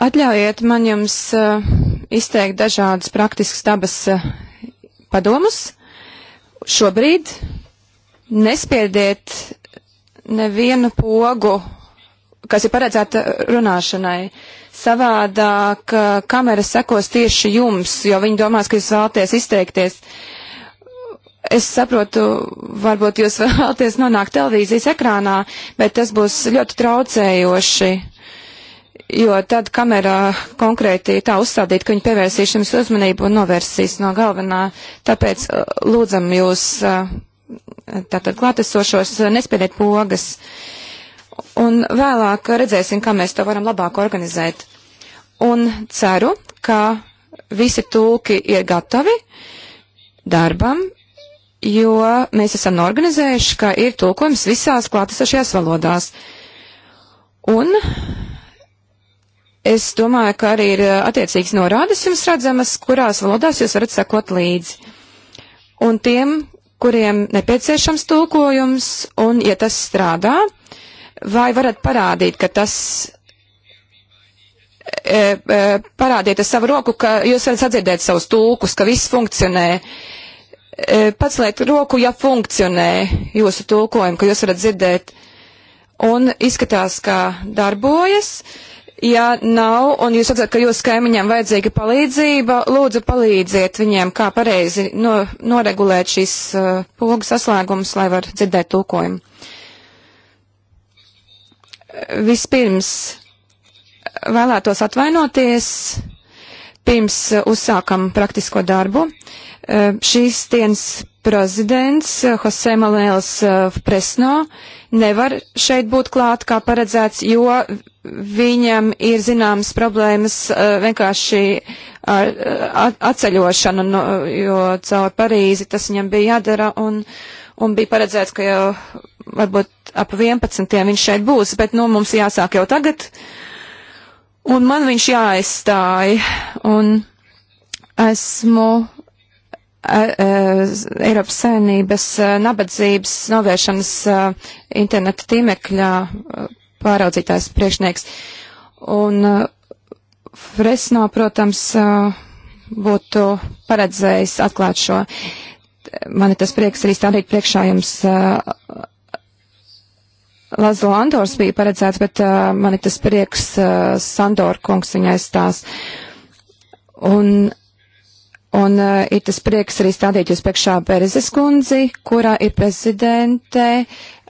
Atļaujiet man jums uh, izteikt dažādas praktiskas dabas uh, padomus. Šobrīd nespiediet nevienu pogu, kas ir paredzēta runāšanai. Savādāk eh, kameras sekos tieši jums, jo viņi domās, ka jūs vēlaties izteikties. Es saprotu, varbūt jūs vēlaties nonākt televīzijas ekrānā, bet tas būs ļoti traucējoši, jo tad kamera konkrēti tā uzstādīt, ka viņi pievērsīs jums uzmanību un novērsīs no galvenā. Tāpēc eh, lūdzam jūs eh, tātad klātesošos eh, nespēdēt pogas. Un vēlāk redzēsim, kā mēs to varam labāk organizēt. Un ceru, ka visi tulki ir gatavi darbam, jo mēs esam organizējuši, ka ir tulkojums visās klātesošajās valodās. Un es domāju, ka arī ir eh, attiecīgas norādes jums redzamas, kurās valodās jūs varat sekot līdzi. Un tiem, kuriem nepieciešams tulkojums, un, ja tas strādā, vai varat parādīt, ka tas, e, e, parādiet ar savu roku, ka jūs varat sadzirdēt savus tulkus, ka viss funkcionē. E, paceliet roku, ja funkcionē jūsu tulkojumu, ka jūs varat dzirdēt, un izskatās, ka darbojas. E, Ja nav, un jūs redzat, ka jūsu kaimiņam vajadzīga palīdzība, lūdzu palīdziet viņiem, kā pareizi no, noregulēt šīs uh, pogu saslēgumus, lai var dzirdēt tūkojumu. Vispirms vēlētos atvainoties, pirms uh, uzsākam praktisko darbu. Uh, šīs dienas prezidents eh, Jose Manuels Presno eh, nevar šeit būt klāt, kā paredzēts, jo viņam ir zināmas problēmas eh, vienkārši ar atceļošanu, no, jo caur Parīzi tas viņam bija jādara un, un bija paredzēts, ka jau varbūt ap 11. viņš šeit būs, bet nu mums jāsāk jau tagad. Un man viņš jāaizstāja. Un esmu Eiropas Savienības nabadzības novēršanas interneta tīmekļa pāraudzītājs priekšnieks. Un Fresno, protams, būtu paredzējis atklāt šo. Man ir tas prieks arī stādīt priekšā jums. Lazlo Andors bija paredzēts, bet man ir tas prieks Sandor kungs viņai stās. Un Un uh, ir tas prieks arī stādīt jūs priekšā Perezes kundzi, kurā ir prezidente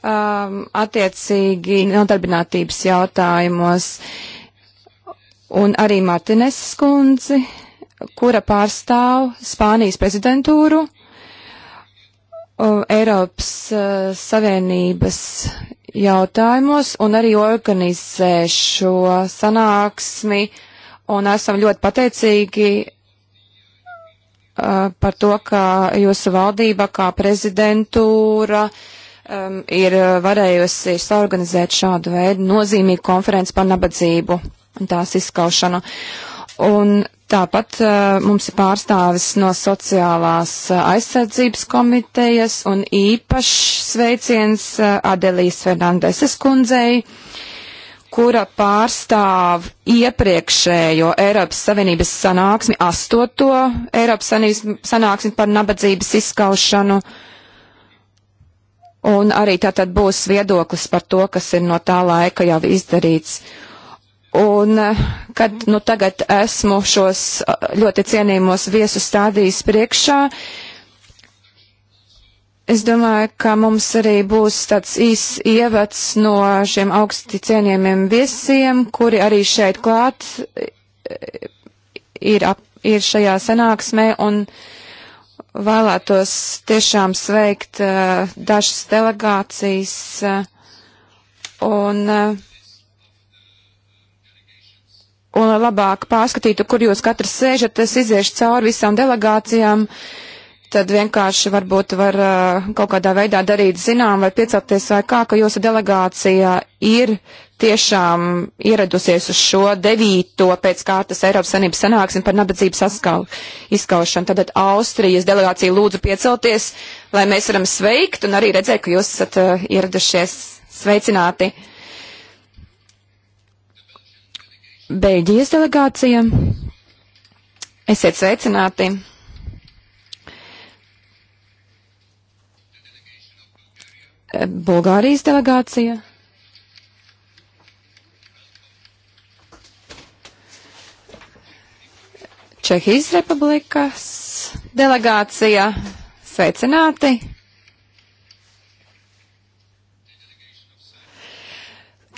um, attiecīgi nodarbinātības jautājumos, un arī Martines kundzi, kura pārstāv Spānijas prezidentūru um, Eiropas uh, Savienības jautājumos, un arī organizē šo sanāksmi, un esam ļoti pateicīgi Eh, par to, ka jūsu valdība kā prezidentūra um, ir varējusi saorganizēt šādu veidu nozīmīgu konferenci par nabadzību un tās izskaušanu. Un tāpat uh, mums ir pārstāvis no sociālās eh, aizsardzības komitejas un īpašs sveiciens uh, Adelijas Fernandeses kundzei. Uh, kura pārstāv iepriekšējo Eiropas Savienības sanāksmi, astoto Eiropas Savienības sanāksmi par nabadzības izskaušanu. Un arī tātad būs viedoklis par to, kas ir no tā laika jau izdarīts. Un eh, kad nu tagad esmu šos eh, ļoti cienījumos viesu stādījis priekšā, uh, Es domāju, ka mums arī būs tāds īss ievads no šiem augsti cienījumiem viesiem, kuri arī šeit klāt ir, ap, ir šajā sanāksmē un vēlētos tiešām sveikt uh, dažas delegācijas uh, un, uh, un labāk pārskatītu, kur jūs katrs sēžat, es iziešu cauri visām delegācijām. Uh, tad vienkārši varbūt var uh, kaut kādā veidā darīt zinām vai piecelties vai kā, ka jūsu delegācija ir tiešām ieradusies uz šo devīto pēc kārtas Eiropas Sanības sanāksmi par nabadzības askau, izskaušanu. Tātad Austrijas delegācija lūdzu piecelties, lai mēs varam sveikt un arī redzēt, ka jūs esat uh, ieradušies sveicināti. Beļģijas delegācija. Esiet sveicināti. Bulgārijas delegācija. Čehijas republikas delegācija. Sveicināti!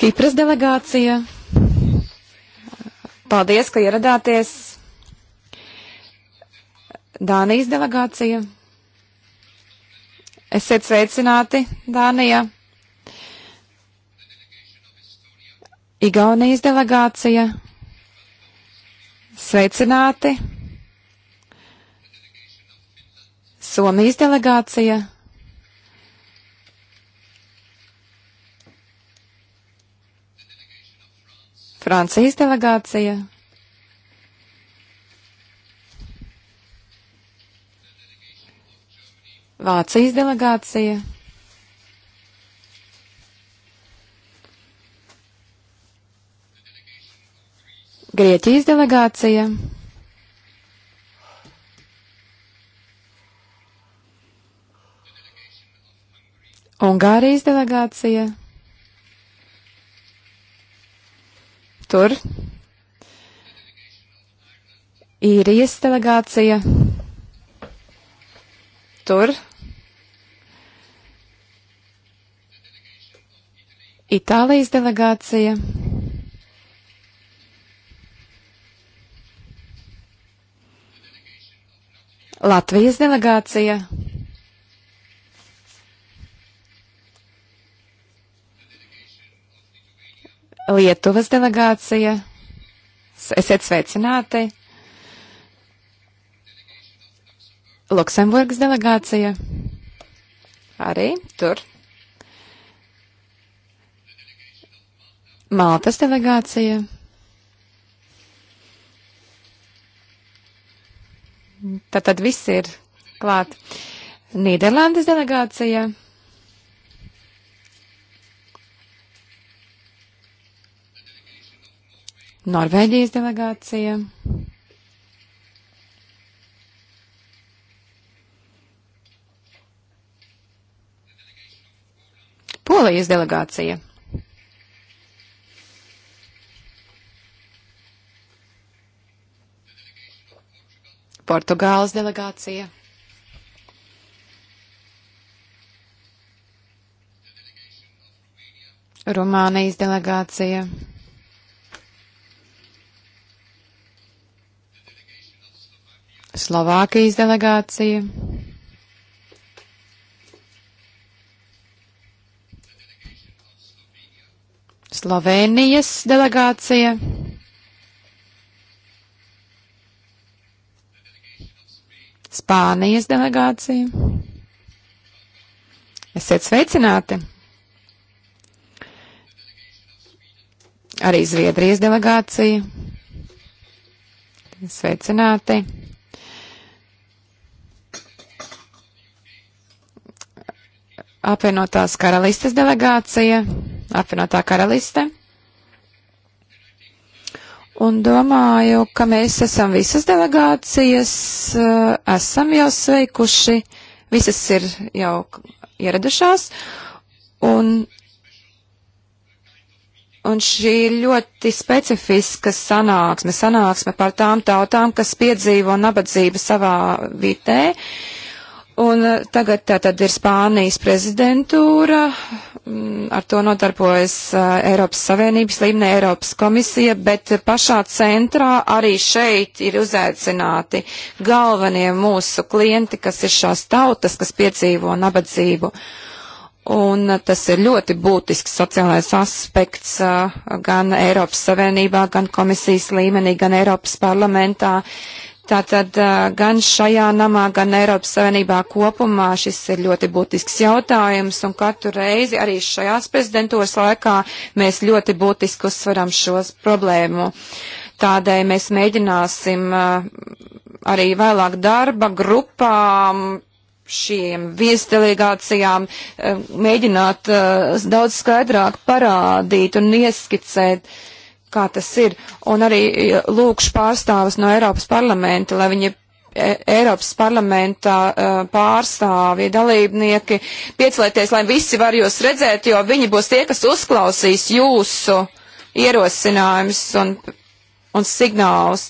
Kipras delegācija. Paldies, ka ieradāties. Dānijas delegācija. Esiet sveicināti, Dānija. Igaunijas delegācija. Sveicināti. Somijas delegācija. Francijas delegācija. Vācijas delegācija. Grieķijas delegācija. Ungārijas delegācija. Tur. Īrijas delegācija. Tur. Itālijas delegācija. Latvijas delegācija. Lietuvas delegācija. Esiet sveicināti. Luksemburgas delegācija. Arī tur Maltas delegācija. Tātad viss ir klāt. Nīderlandes delegācija. Norvēģijas delegācija. Polijas delegācija. Portugāles delegācija. Rumānijas delegācija. Slovākijas delegācija. Slovenijas delegācija. Spānijas delegāciju. Esiet sveicināti! Arī Zviedrijas delegācija. Sveicināti! Apvienotās karalistes delegācija. Apvienotā karaliste un domāju, ka mēs esam visas delegācijas, eh, esam jau sveikuši, visas ir jau ieradušās, un, un šī ļoti specifiska sanāksme, sanāksme par tām tautām, kas piedzīvo nabadzību savā vitē, uh, Un eh, tagad tā tad ir Spānijas prezidentūra, mm, ar to nodarbojas eh, Eiropas Savienības līmenī, Eiropas komisija, bet pašā centrā arī šeit ir uzaicināti galvenie mūsu klienti, kas ir šās tautas, kas piedzīvo nabadzību. Un eh, tas ir ļoti būtisks sociālais aspekts gan Eiropas Savienībā, gan komisijas līmenī, gan Eiropas parlamentā Tātad gan šajā namā, gan Eiropas Savienībā kopumā šis ir ļoti būtisks jautājums, un katru reizi arī šajās prezidentūras laikā mēs ļoti būtiski uzsveram šos problēmu. Tādēļ mēs mēģināsim arī vēlāk darba grupām šiem viesdelegācijām mēģināt daudz skaidrāk parādīt un ieskicēt uh, kā tas ir, un arī lūkšu pārstāvus no Eiropas parlamenta, lai viņi e, Eiropas parlamentā e, pārstāvji, dalībnieki, piecelieties, lai visi var jūs redzēt, jo viņi būs tie, kas uzklausīs jūsu ierosinājumus un, un signālus.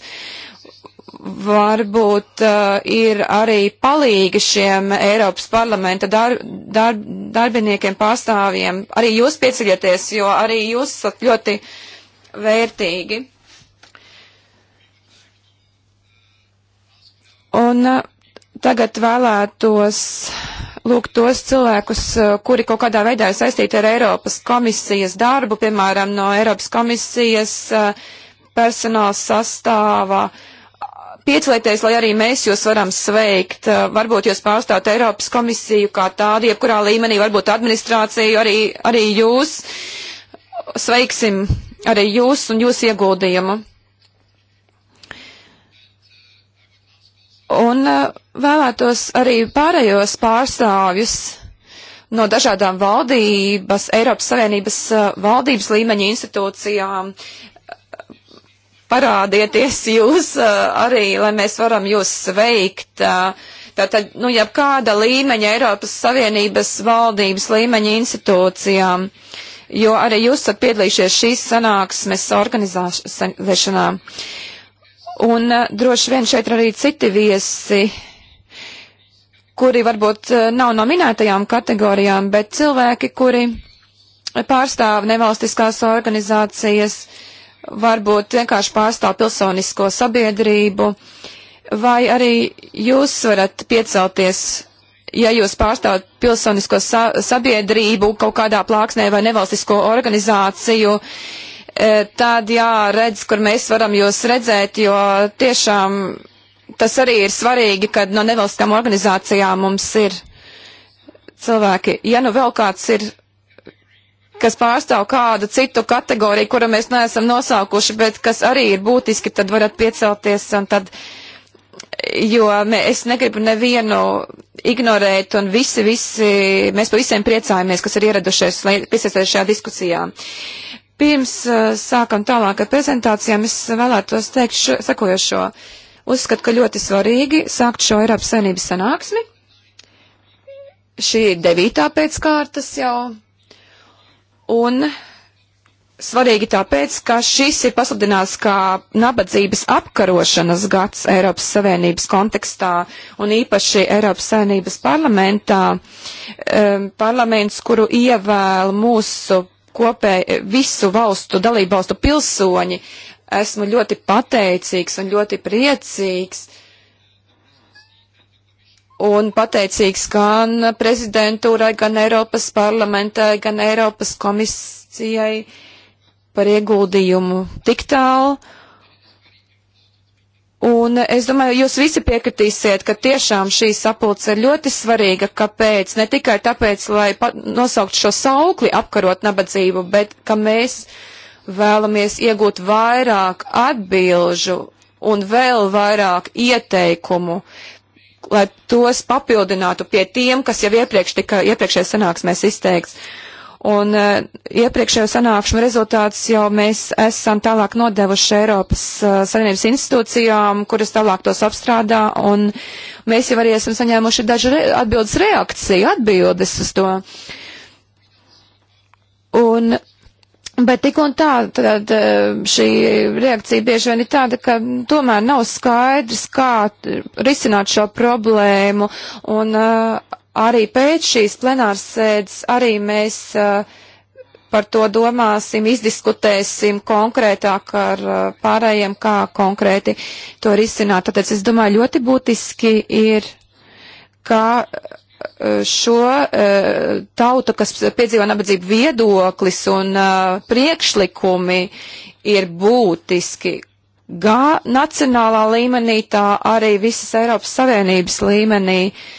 Varbūt uh, ir arī palīgi šiem Eiropas parlamenta dar, dar, darbiniekiem, pārstāvjiem. Arī jūs pieceļieties, jo arī jūs esat ļoti uh, vērtīgi. Un uh, tagad vēlētos lūgt tos cilvēkus, uh, kuri kaut kādā veidā ir saistīti ar Eiropas komisijas darbu, piemēram, no Eiropas komisijas uh, personāla sastāvā. Piecelieties, lai arī mēs jūs varam sveikt. Varbūt jūs pārstāvat Eiropas komisiju kā tādu, jebkurā līmenī, varbūt administrāciju, arī, arī jūs. Sveiksim arī jūs un jūs ieguldījumu. Un uh, vēlētos arī pārējos pārstāvjus no dažādām valdības, Eiropas Savienības uh, valdības līmeņa institūcijām. Parādieties jūs uh, arī, lai mēs varam jūs sveikt. Tātad, nu, jebkāda līmeņa Eiropas Savienības valdības līmeņa institūcijām. Uh, jo arī jūs esat piedalījušies šīs sanāksmes organizēšanā. Un eh, droši vien šeit ir arī citi viesi, kuri varbūt eh, nav no minētajām kategorijām, bet cilvēki, kuri pārstāv nevalstiskās organizācijas, varbūt vienkārši pārstāv pilsonisko sabiedrību, vai arī jūs varat piecelties ja jūs pārstāvat pilsonisko sa sabiedrību kaut kādā plāksnē vai nevalstisko organizāciju, e, tad jāredz, kur mēs varam jūs redzēt, jo tiešām tas arī ir svarīgi, kad no nevalstiskām organizācijām mums ir cilvēki. Ja nu vēl kāds ir kas pārstāv kādu citu kategoriju, kuru mēs neesam nosaukuši, bet kas arī ir būtiski, tad varat piecelties un tad uh, jo mē, es negribu nevienu ignorēt, un visi, visi, mēs par visiem priecājamies, kas ir ieradušies, lai piesaistītu šajā diskusijā. Pirms uh, sākam tālāk ar prezentācijām, es vēlētos teikt šo, sakojošo. Uzskatu, ka ļoti svarīgi sākt šo Eiropas saimnības sanāksmi. Šī ir devītā pēc kārtas jau. Un svarīgi tāpēc, ka šis ir pasludināts kā nabadzības apkarošanas gads Eiropas Savienības kontekstā un īpaši Eiropas Savienības parlamentā. Um, parlaments, kuru ievēl mūsu kopēji visu valstu dalībvalstu pilsoņi, esmu ļoti pateicīgs un ļoti priecīgs. Un pateicīgs gan prezidentūrai, gan Eiropas parlamentai, gan Eiropas komisijai. Uh, par ieguldījumu tik tālu. Un es domāju, jūs visi piekritīsiet, ka tiešām šī sapulce ir ļoti svarīga. Kāpēc? Ne tikai tāpēc, lai nosaukt šo saukli apkarot nabadzību, bet ka mēs vēlamies iegūt vairāk atbilžu un vēl vairāk ieteikumu, lai tos papildinātu pie tiem, kas jau iepriekš tika iepriekšējā sanāksmēs izteikts. Uh, Un uh, iepriekšējo sanākšanu rezultātus jau mēs esam tālāk nodevuši Eiropas uh, Savienības institūcijām, kuras tālāk tos apstrādā, un mēs jau arī esam saņēmuši dažu re atbildes reakciju, atbildes uz to. Un, bet tik un tā, tad eh, šī reakcija bieži vien ir tāda, ka tomēr nav skaidrs, kā risināt šo problēmu, un uh, arī pēc šīs plenāras sēdes arī mēs uh, par to domāsim, izdiskutēsim konkrētāk ar uh, pārējiem, kā konkrēti to risināt. Tāpēc es domāju, ļoti būtiski ir, kā uh, šo tautu, kas piedzīvo nabadzību viedoklis un priekšlikumi ir būtiski, gan nacionālā līmenī, tā arī visas Eiropas Savienības līmenī. Uh,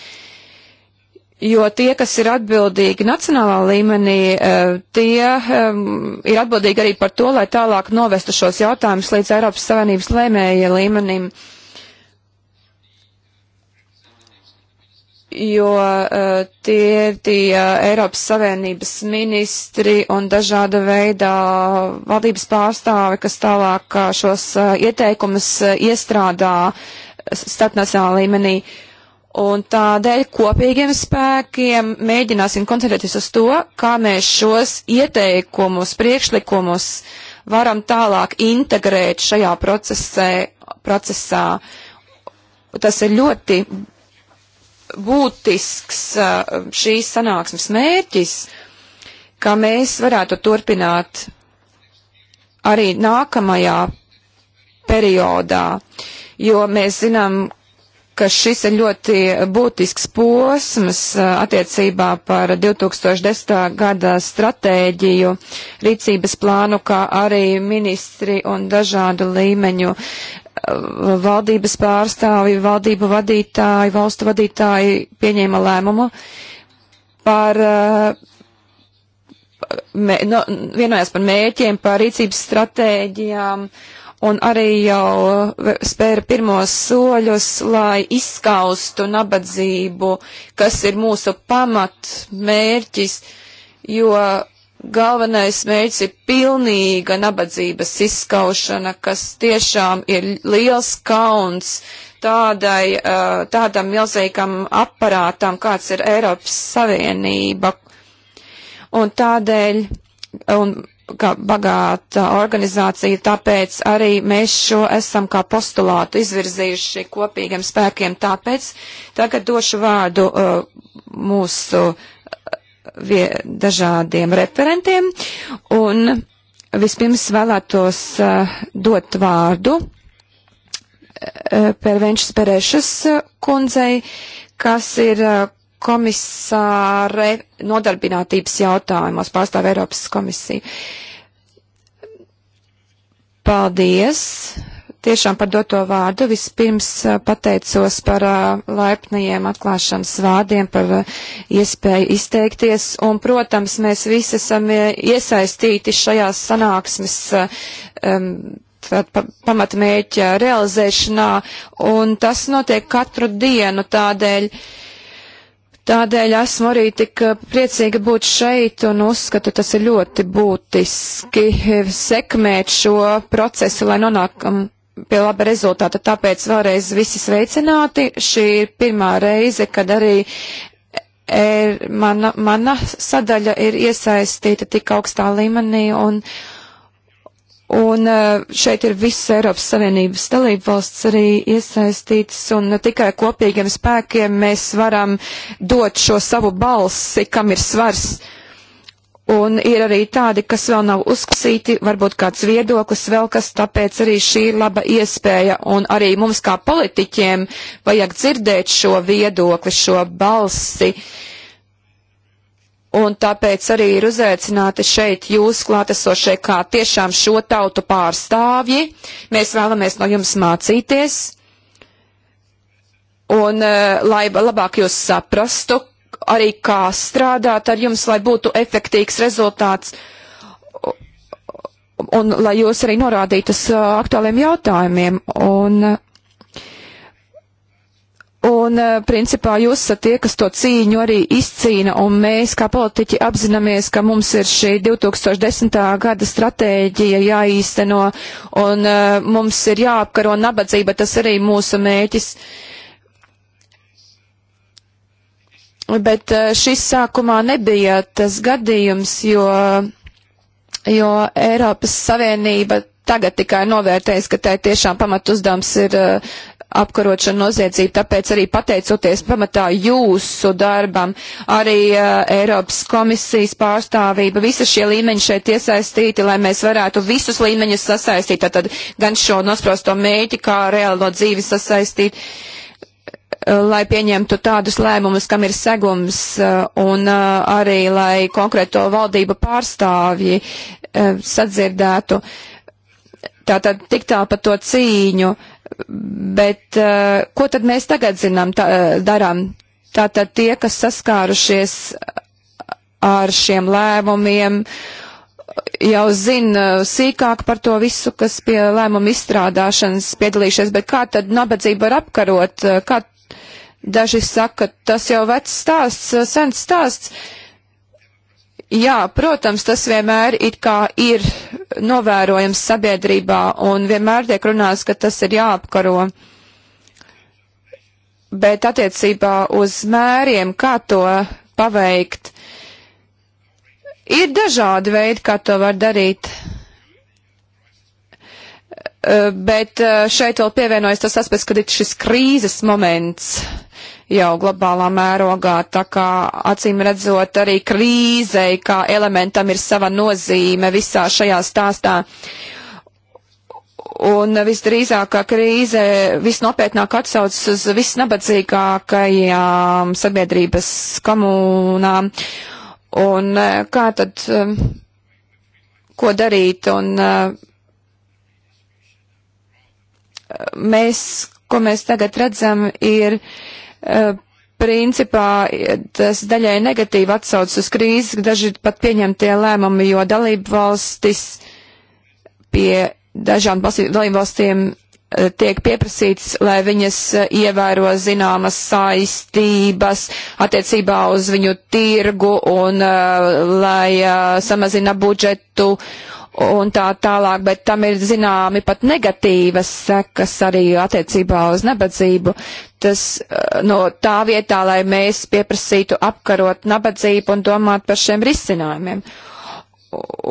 jo tie, kas ir atbildīgi nacionālā līmenī, eh, tie ehm, ir atbildīgi arī par to, lai tālāk novestu šos jautājumus līdz Eiropas Savienības lēmēja līmenim. Jo eh, tie ir tie Eiropas Savienības ministri un dažāda veida valdības pārstāvi, kas tālāk eh, šos ieteikumus iestrādā starpnacionālā līmenī. Uh, Un tādēļ kopīgiem spēkiem mēģināsim koncentrēties uz to, kā mēs šos ieteikumus, priekšlikumus varam tālāk integrēt šajā procesē, procesā. Tas ir ļoti būtisks uh, šīs sanāksmes mērķis, ka mēs varētu turpināt arī nākamajā periodā, jo mēs zinām, ka šis ir ļoti būtisks posms uh, attiecībā par 2010. gada stratēģiju, rīcības plānu, kā arī ministri un dažādu līmeņu uh, valdības pārstāvi, valdību vadītāji, valstu vadītāji pieņēma lēmumu par uh, mē, no, vienojās par mērķiem, par rīcības stratēģijām, uh, un arī jau eh, spēra pirmos soļus, lai izskaustu nabadzību, kas ir mūsu pamatmērķis, jo galvenais mērķis ir pilnīga nabadzības izskaušana, kas tiešām ir liels kauns tādai, eh, tādam milzīgam aparātam, kāds ir Eiropas Savienība. Un tādēļ, un bagāta organizācija, tāpēc arī mēs šo esam kā postulātu izvirzījuši kopīgiem spēkiem. Tāpēc tagad došu vārdu uh, mūsu uh, vie, dažādiem referentiem un vispirms vēlētos uh, dot vārdu uh, Pērvenčs Perešas kundzei, kas ir uh, komisāre nodarbinātības jautājumos pārstāv Eiropas komisiju. Paldies! Tiešām par doto vārdu. Vispirms eh, pateicos par eh, laipnajiem atklāšanas vārdiem, par eh, iespēju izteikties. Un, protams, mēs visi esam iesaistīti šajās sanāksmes um, pa, pamatmēķa realizēšanā, un tas notiek katru dienu tādēļ. Uh, Tādēļ esmu arī tik eh, priecīga būt šeit un uzskatu, tas ir ļoti būtiski eh, sekmēt šo procesu, lai nonākam pie laba rezultāta. Tāpēc vēlreiz visi sveicināti. Šī ir pirmā reize, kad arī er, mana, mana sadaļa ir iesaistīta tik augstā līmenī un uh, Un eh, šeit ir visas Eiropas Savienības dalība valsts arī iesaistītas, un eh, tikai kopīgiem spēkiem mēs varam dot šo savu balsi, kam ir svars. Un ir arī tādi, kas vēl nav uzklausīti, varbūt kāds viedoklis vēl kas, tāpēc arī šī ir laba iespēja, un arī mums kā politiķiem vajag dzirdēt šo viedokli, šo balsi. Uh, un tāpēc arī ir uzaicināti šeit jūs klātesošie kā tiešām šo tautu pārstāvji. Mēs vēlamies no jums mācīties, un eh, lai labāk jūs saprastu, arī kā strādāt ar jums, lai būtu efektīgs rezultāts, un, un lai jūs arī norādītu uz eh, aktuāliem jautājumiem. Un, Un, eh, principā, jūs esat tie, kas to cīņu arī izcīna, un mēs, kā politiķi, apzināmies, ka mums ir šī 2010. gada stratēģija jāīsteno, un uh, mums ir jāapkaro nabadzība, tas arī mūsu mēķis. Bet uh, šis sākumā nebija tas gadījums, jo, jo Eiropas Savienība tagad tikai novērtējis, ka tai tiešām pamatuzdevums ir uh, apkarot šo noziedzību, tāpēc arī pateicoties pamatā jūsu darbam, arī uh, Eiropas komisijas pārstāvība, visi šie līmeņi šeit iesaistīti, lai mēs varētu visus līmeņus sasaistīt, tātad gan šo nosprosto mēķi, kā reālo dzīvi sasaistīt eh, lai pieņemtu tādus lēmumus, kam ir segums, eh, un arī lai konkrēto valdību pārstāvji sadzirdētu. Uh, Tātad tik tā par to cīņu, bet uh, ko tad mēs tagad zinām, tā, eh, darām? Tātad tie, kas saskārušies ar šiem lēmumiem, jau zina sīkāk par to visu, kas pie lēmuma izstrādāšanas piedalīšies, bet kā tad nabadzību var apkarot? Kā daži saka, tas jau vecs stāsts, sens stāsts. Uh, Jā, protams, tas vienmēr it kā ir novērojams sabiedrībā un vienmēr tiek runāts, ka tas ir jāapkaro. Bet attiecībā uz mēriem, kā to paveikt, ir dažādi veidi, kā to var darīt. Eh, bet eh, šeit vēl pievienojas tas aspekts, kad ir šis krīzes moments jau globālā mērogā, tā kā acīm redzot arī krīzei, kā elementam ir sava nozīme visā šajā stāstā. Un visdrīzākā krīze visnopietnāk atsaucas uz visnabadzīgākajām sabiedrības komunām. Un eh, kā tad, eh, ko darīt? Un eh, mēs, ko mēs tagad redzam, ir uh, principā tas daļai negatīvi atsaucas uz krīzes, daži pat pieņemtie lēmumi, jo dalību valstis pie dažām dalību valstīm tiek pieprasīts, lai viņas ievēro zināmas saistības attiecībā uz viņu tirgu un uh, lai uh, samazina budžetu un tā tālāk, bet tam ir zināmi pat negatīvas sekas arī attiecībā uz nabadzību. Tas eh, no tā vietā, lai mēs pieprasītu apkarot nabadzību un domāt par šiem risinājumiem.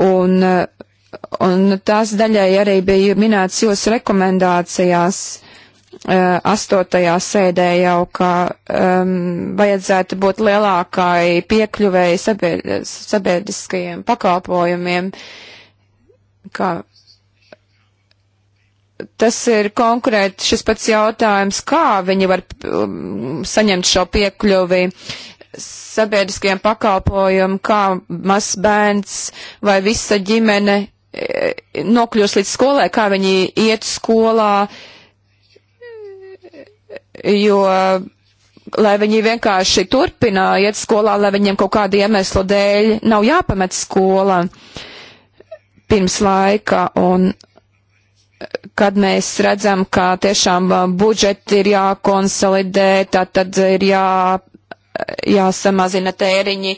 Un, eh, un tās daļai arī bija minēts jūsu rekomendācijās. Eh, astotajā sēdē jau, ka um, vajadzētu būt lielākai piekļuvēji sabied, sabiedriskajiem pakalpojumiem, uh, kā tas ir konkrēti šis pats jautājums, kā viņi var um, saņemt šo piekļuvi sabiedriskajiem pakalpojumiem, kā mazs bērns vai visa ģimene e, nokļūst līdz skolai, kā viņi iet skolā, jo lai viņi vienkārši turpina iet skolā, lai viņiem kaut kāda iemesla dēļ nav jāpamet skolā. Uh, pirms laika un kad mēs redzam, ka tiešām uh, budžeti ir jākonsolidē, tad, tad ir jā, jāsamazina tēriņi.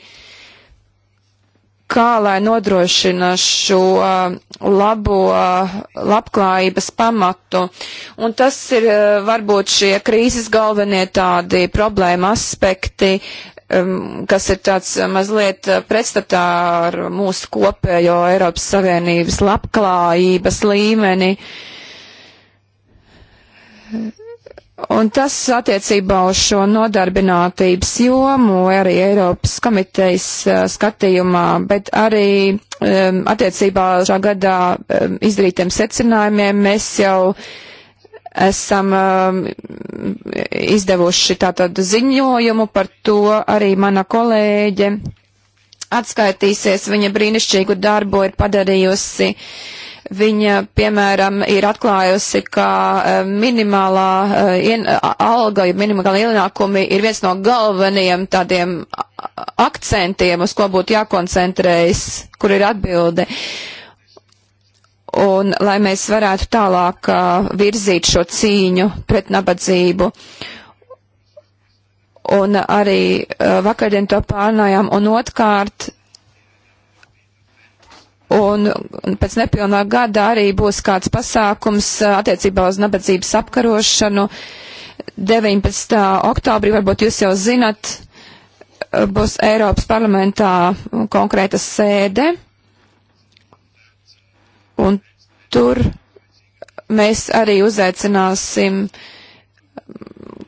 Kā lai nodrošina šo uh, labo uh, labklājības pamatu? Un tas ir varbūt šie krīzes galvenie tādi problēma aspekti, Um, kas ir tāds mazliet uh, pretstatā ar mūsu kopējo Eiropas Savienības labklājības līmeni. Un tas attiecībā uz šo nodarbinātības jomu arī Eiropas komitejas uh, skatījumā, bet arī um, attiecībā šā gadā um, izdarītiem secinājumiem mēs jau uh, esam um, izdevuši tātad ziņojumu par to arī mana kolēģe atskaitīsies, viņa brīnišķīgu darbu ir padarījusi. Viņa, piemēram, ir atklājusi, ka um, minimālā uh, ien, alga, minimālā ienākumi ir viens no galvenajiem tādiem akcentiem, uz ko būtu jākoncentrējas, kur ir atbilde. Uh, un lai mēs varētu tālāk uh, virzīt šo cīņu pret nabadzību. Un arī uh, vakardien to pārnājām, un otrkārt, un pēc nepilnā gada arī būs kāds pasākums uh, attiecībā uz nabadzības apkarošanu. 19. oktobrī, varbūt jūs jau zinat, uh, būs Eiropas parlamentā konkrēta sēde Un tur mēs arī uzaicināsim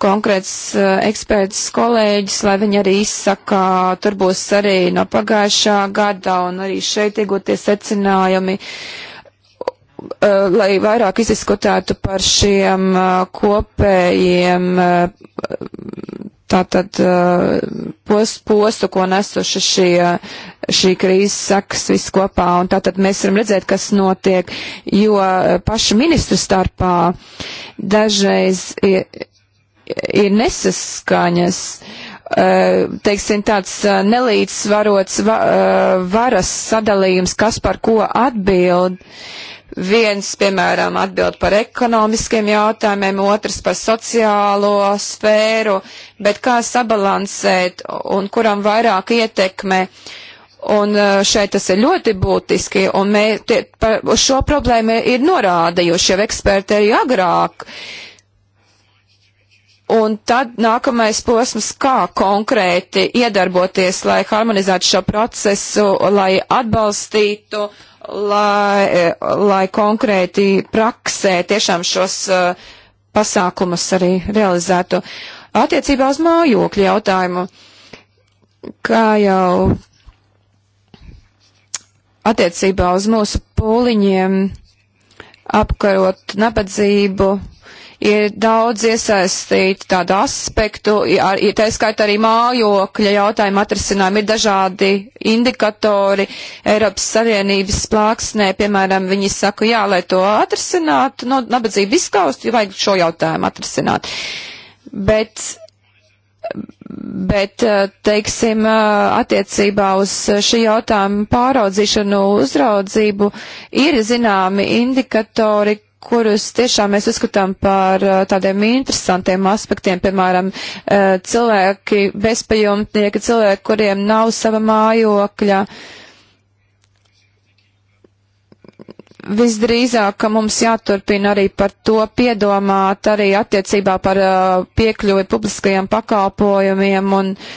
konkrēts eh, eksperts kolēģis, lai viņi arī izsaka, tur būs arī no pagājušā gada un arī šeit iegūtie secinājumi, eh, lai vairāk izdiskutētu par šiem eh, kopējiem tātad uh, post, postu, ko nesuši šie, šī krīzes saks viss kopā, un tātad mēs varam redzēt, kas notiek, jo uh, paši ministru starpā dažreiz ir, ir nesaskaņas. Uh, Eh, teiksim, tāds eh, nelīdzsvarots eh, varas sadalījums, kas par ko atbild. Viens, piemēram, atbild par ekonomiskiem jautājumiem, otrs par sociālo sfēru, bet kā sabalansēt un kuram vairāk ietekme. Un šeit tas ir ļoti būtiski, un mēs tie, par, uz šo problēmu ir norādījuši jau eksperti arī agrāk. Uh, Un tad nākamais posms, kā konkrēti iedarboties, lai harmonizētu šo procesu, lai atbalstītu, lai, lai konkrēti praksē tiešām šos uh, pasākumus arī realizētu. Attiecībā uz mājokļu jautājumu, kā jau attiecībā uz mūsu pūliņiem apkarot nabadzību, ir daudz iesaistīti tādu aspektu, ir, ir tā skaita arī mājokļa jautājuma atrisinājumi, ir dažādi indikatori Eiropas Savienības plāksnē, piemēram, viņi saka, jā, lai to atrisinātu, no nabadzību izskaust, jo vajag šo jautājumu atrisināt. Bet, bet, eh, teiksim, eh, attiecībā uz šī jautājuma pāraudzīšanu, uzraudzību ir zināmi indikatori, kurus tiešām mēs uzskatām par eh, tādiem interesantiem aspektiem, piemēram, eh, cilvēki bezpajumtnieki, cilvēki, kuriem nav sava mājokļa. Visdrīzāk, ka mums jāturpina arī par to piedomāt, arī attiecībā par eh, piekļuvi publiskajiem pakalpojumiem un uh,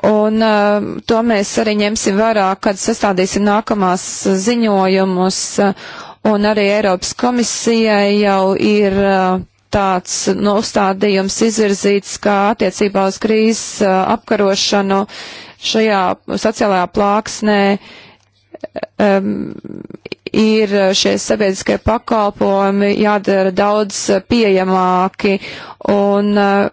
Un uh, to mēs arī ņemsim vērā, kad sastādīsim nākamās ziņojumus. Uh, Un arī Eiropas komisijai jau ir uh, tāds nostādījums nu, izvirzīts, kā attiecībā uz krīzes uh, apkarošanu šajā sociālajā plāksnē um, ir šie sabiedriskie pakalpojumi jādara daudz pieejamāki. Un uh,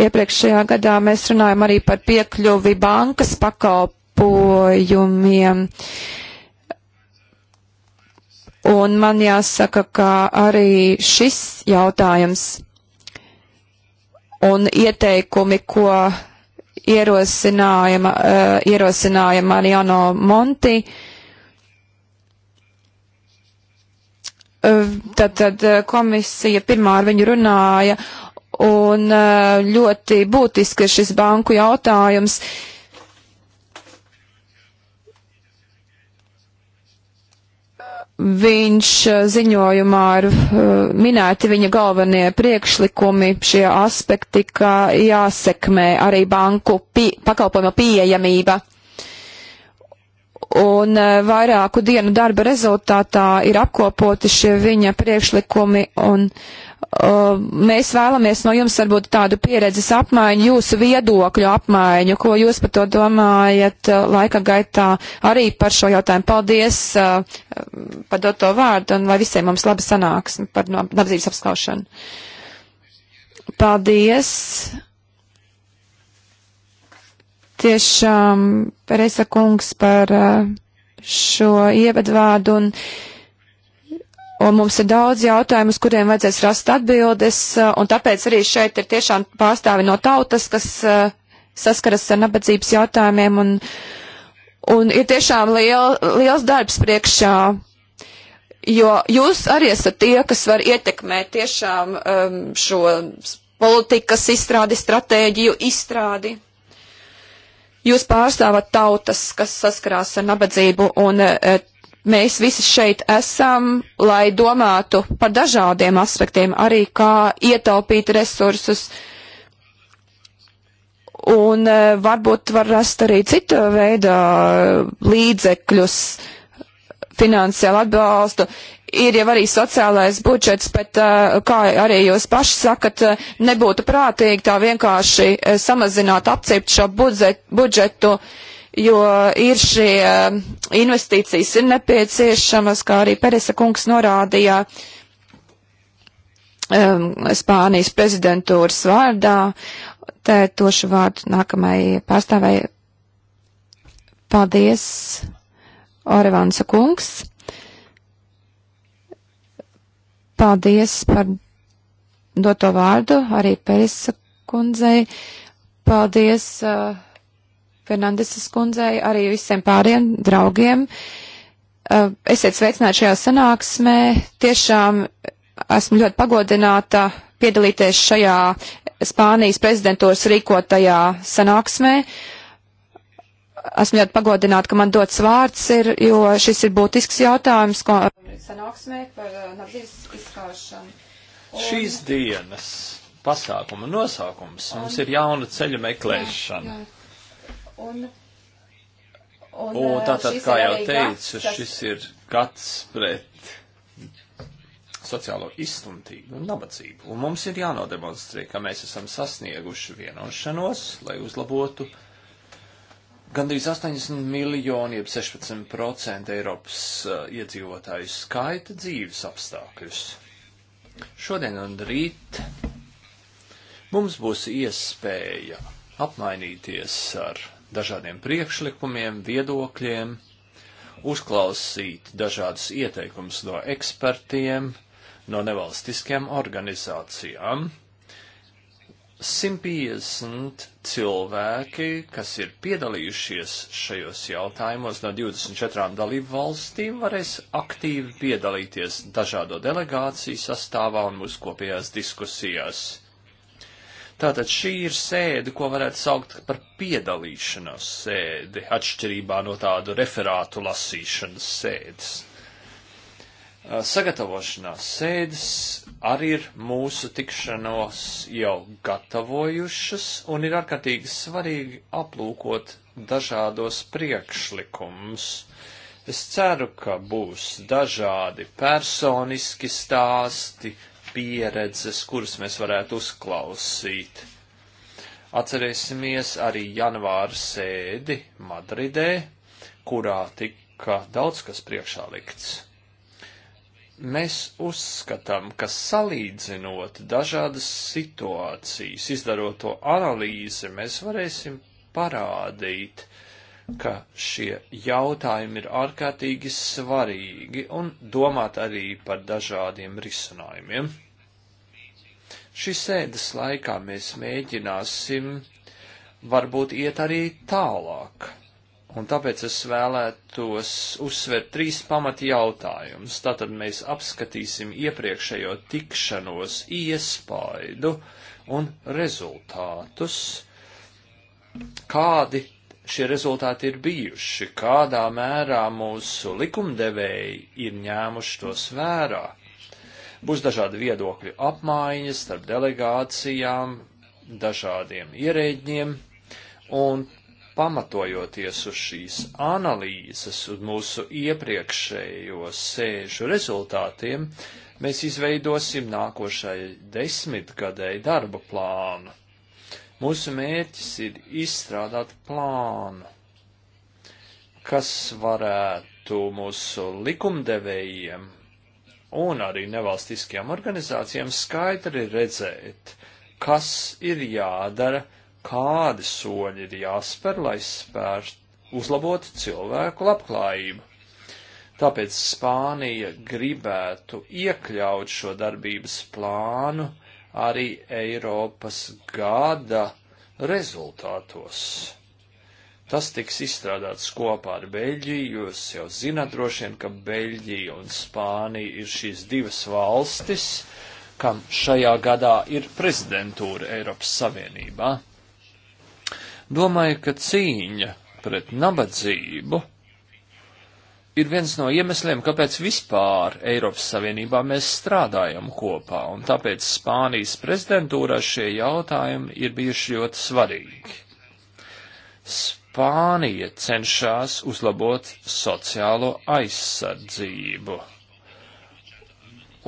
iepriekšējā gadā mēs runājam arī par piekļuvi bankas pakalpojumiem. Uh, Un man jāsaka, ka arī šis jautājums un ieteikumi, ko ierosinājama, uh, eh, ierosināja Mariano Monti, uh, tad, tad eh, komisija pirmā ar viņu runāja, un uh, ļoti būtiski ir šis banku jautājums. Uh, viņš eh, ziņojumā ir eh, minēti viņa galvenie priekšlikumi, šie aspekti, ka jāsekmē arī banku pie, pakalpojuma pieejamība un e, vairāku dienu darba rezultātā ir apkopoti šie viņa priekšlikumi, un uh, mēs vēlamies no jums varbūt tādu pieredzes apmaiņu, jūsu viedokļu apmaiņu, ko jūs par to domājat uh, laika gaitā arī par šo jautājumu. Paldies uh, par doto vārdu, un lai visiem mums laba sanāksme par nabadzības apskaušanu. Paldies! tiešām Peresa kungs par uh, šo ievadvārdu un, un mums ir daudz jautājumu, uz kuriem vajadzēs rast atbildes, uh, un tāpēc arī šeit ir tiešām pārstāvi no tautas, kas uh, saskaras ar nabadzības jautājumiem, un, un ir tiešām liel, liels darbs priekšā, jo jūs arī esat tie, kas var ietekmēt tiešām um, šo politikas izstrādi, stratēģiju izstrādi. Jūs pārstāvat tautas, kas saskarās ar nabadzību, un e, mēs visi šeit esam, lai domātu par dažādiem aspektiem, arī kā ietaupīt resursus. Un e, varbūt var rast arī citu veidu līdzekļus, finansiālu atbalstu ir jau arī sociālais budžets, bet, uh, kā arī jūs paši sakat, uh, nebūtu prātīgi tā vienkārši uh, samazināt, apciept šo budžetu, jo ir šie investīcijas ir nepieciešamas, kā arī Peresa kungs norādīja um, Spānijas prezidentūras vārdā. Te tošu vārdu nākamajai pārstāvēji. Paldies, Orevansa kungs. Paldies par doto vārdu arī Perisa kundzei. Paldies uh, eh, Fernandesas kundzei, arī visiem pāriem draugiem. Uh, esiet sveicināti šajā sanāksmē. Tiešām esmu ļoti pagodināta piedalīties šajā Spānijas prezidentūras rīkotajā sanāksmē. Esmu ļoti pagodināta, ka man dots vārds ir, jo šis ir būtisks jautājums, ko sanāksmē par eh, nabadzības izskaušanu. Un... Šīs dienas pasākuma nosaukums un... mums ir jauna ceļa meklēšana. Jā, jā. Un, un, un eh, tātad, kā jau teicu, gads, šis ir gads pret sociālo izstumtību un nabadzību. Un mums ir jānodemonstrē, ka mēs esam sasnieguši vienošanos, lai uzlabotu uh, Gandrīz 80 miljoni, jeb 16% Eiropas uh, iedzīvotāju skaita dzīves apstākļus. Šodien un rīt mums būs iespēja apmainīties ar dažādiem priekšlikumiem, viedokļiem, uzklausīt dažādus ieteikumus no ekspertiem, no nevalstiskiem organizācijām, 150 cilvēki, kas ir piedalījušies šajos jautājumos no 24 dalību valstīm, varēs aktīvi piedalīties dažādo delegāciju sastāvā un mūsu kopējās diskusijās. Tātad šī ir sēde, ko varētu saukt par piedalīšanās sēdi, atšķirībā no tādu referātu lasīšanas sēdes. Sagatavošanās sēdes arī ir mūsu tikšanos jau gatavojušas un ir ārkārtīgi svarīgi aplūkot dažādos priekšlikumus. Es ceru, ka būs dažādi personiski stāsti, pieredzes, kuras mēs varētu uzklausīt. Atcerēsimies arī janvāra sēdi Madridē, kurā tika daudz kas priekšā likts mēs uzskatām, ka salīdzinot dažādas situācijas, izdarot to analīzi, mēs varēsim parādīt, ka šie jautājumi ir ārkārtīgi svarīgi un domāt arī par dažādiem risinājumiem. Šīs sēdes laikā mēs mēģināsim varbūt iet arī tālāk Un tāpēc es vēlētos uzsvērt trīs pamati jautājumus. Tātad mēs apskatīsim iepriekšējo tikšanos iespaidu un rezultātus, kādi šie rezultāti ir bijuši, kādā mērā mūsu likumdevēji ir ņēmuši tos vērā. Būs dažādi viedokļu apmaiņas starp delegācijām, dažādiem ierēģiem, un pamatojoties uz šīs analīzes, uz mūsu iepriekšējo sēžu rezultātiem, mēs izveidosim nākošai desmitgadēji darba plānu. Mūsu mērķis ir izstrādāt plānu, kas varētu mūsu likumdevējiem un arī nevalstiskajām organizācijām skaidri redzēt, kas ir jādara, kādi soļi ir jāspēr, lai spēr uzlabotu cilvēku labklājību. Tāpēc Spānija gribētu iekļaut šo darbības plānu arī Eiropas gada rezultātos. Tas tiks izstrādāts kopā ar Beļģiju, jūs jau zināt droši vien, ka Beļģija un Spānija ir šīs divas valstis, kam šajā gadā ir prezidentūra Eiropas Savienībā. Domāju, ka cīņa pret nabadzību ir viens no iemesliem, kāpēc vispār Eiropas Savienībā mēs strādājam kopā, un tāpēc Spānijas prezidentūrā šie jautājumi ir bijuši ļoti svarīgi. Spānija cenšas uzlabot sociālo aizsardzību.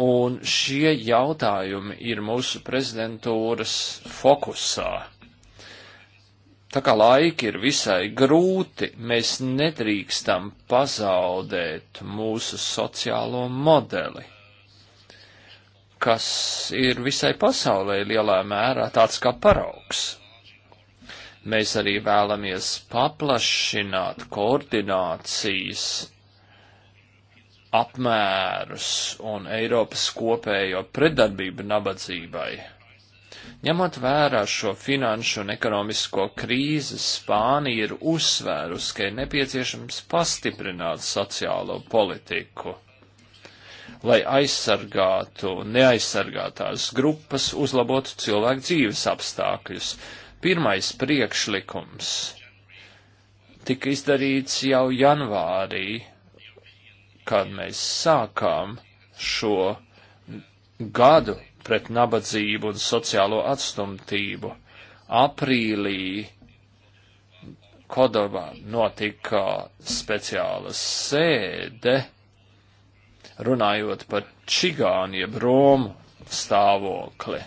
Un šie jautājumi ir mūsu prezidentūras fokusā tā kā laiki ir visai grūti, mēs nedrīkstam pazaudēt mūsu sociālo modeli, kas ir visai pasaulē lielā mērā tāds kā paraugs. Mēs arī vēlamies paplašināt koordinācijas apmērus un Eiropas kopējo predarbību nabadzībai Ņemot vērā šo finanšu un ekonomisko krīzi, Spānija ir uzsvērusi, ka ir nepieciešams pastiprināt sociālo politiku, lai aizsargātu neaizsargātās grupas, uzlabotu cilvēku dzīves apstākļus. Pirmais priekšlikums tika izdarīts jau janvārī, kad mēs sākām šo gadu pret nabadzību un sociālo atstumtību. Aprīlī Kodovā notika speciāla sēde, runājot par čigānu jeb romu stāvokli.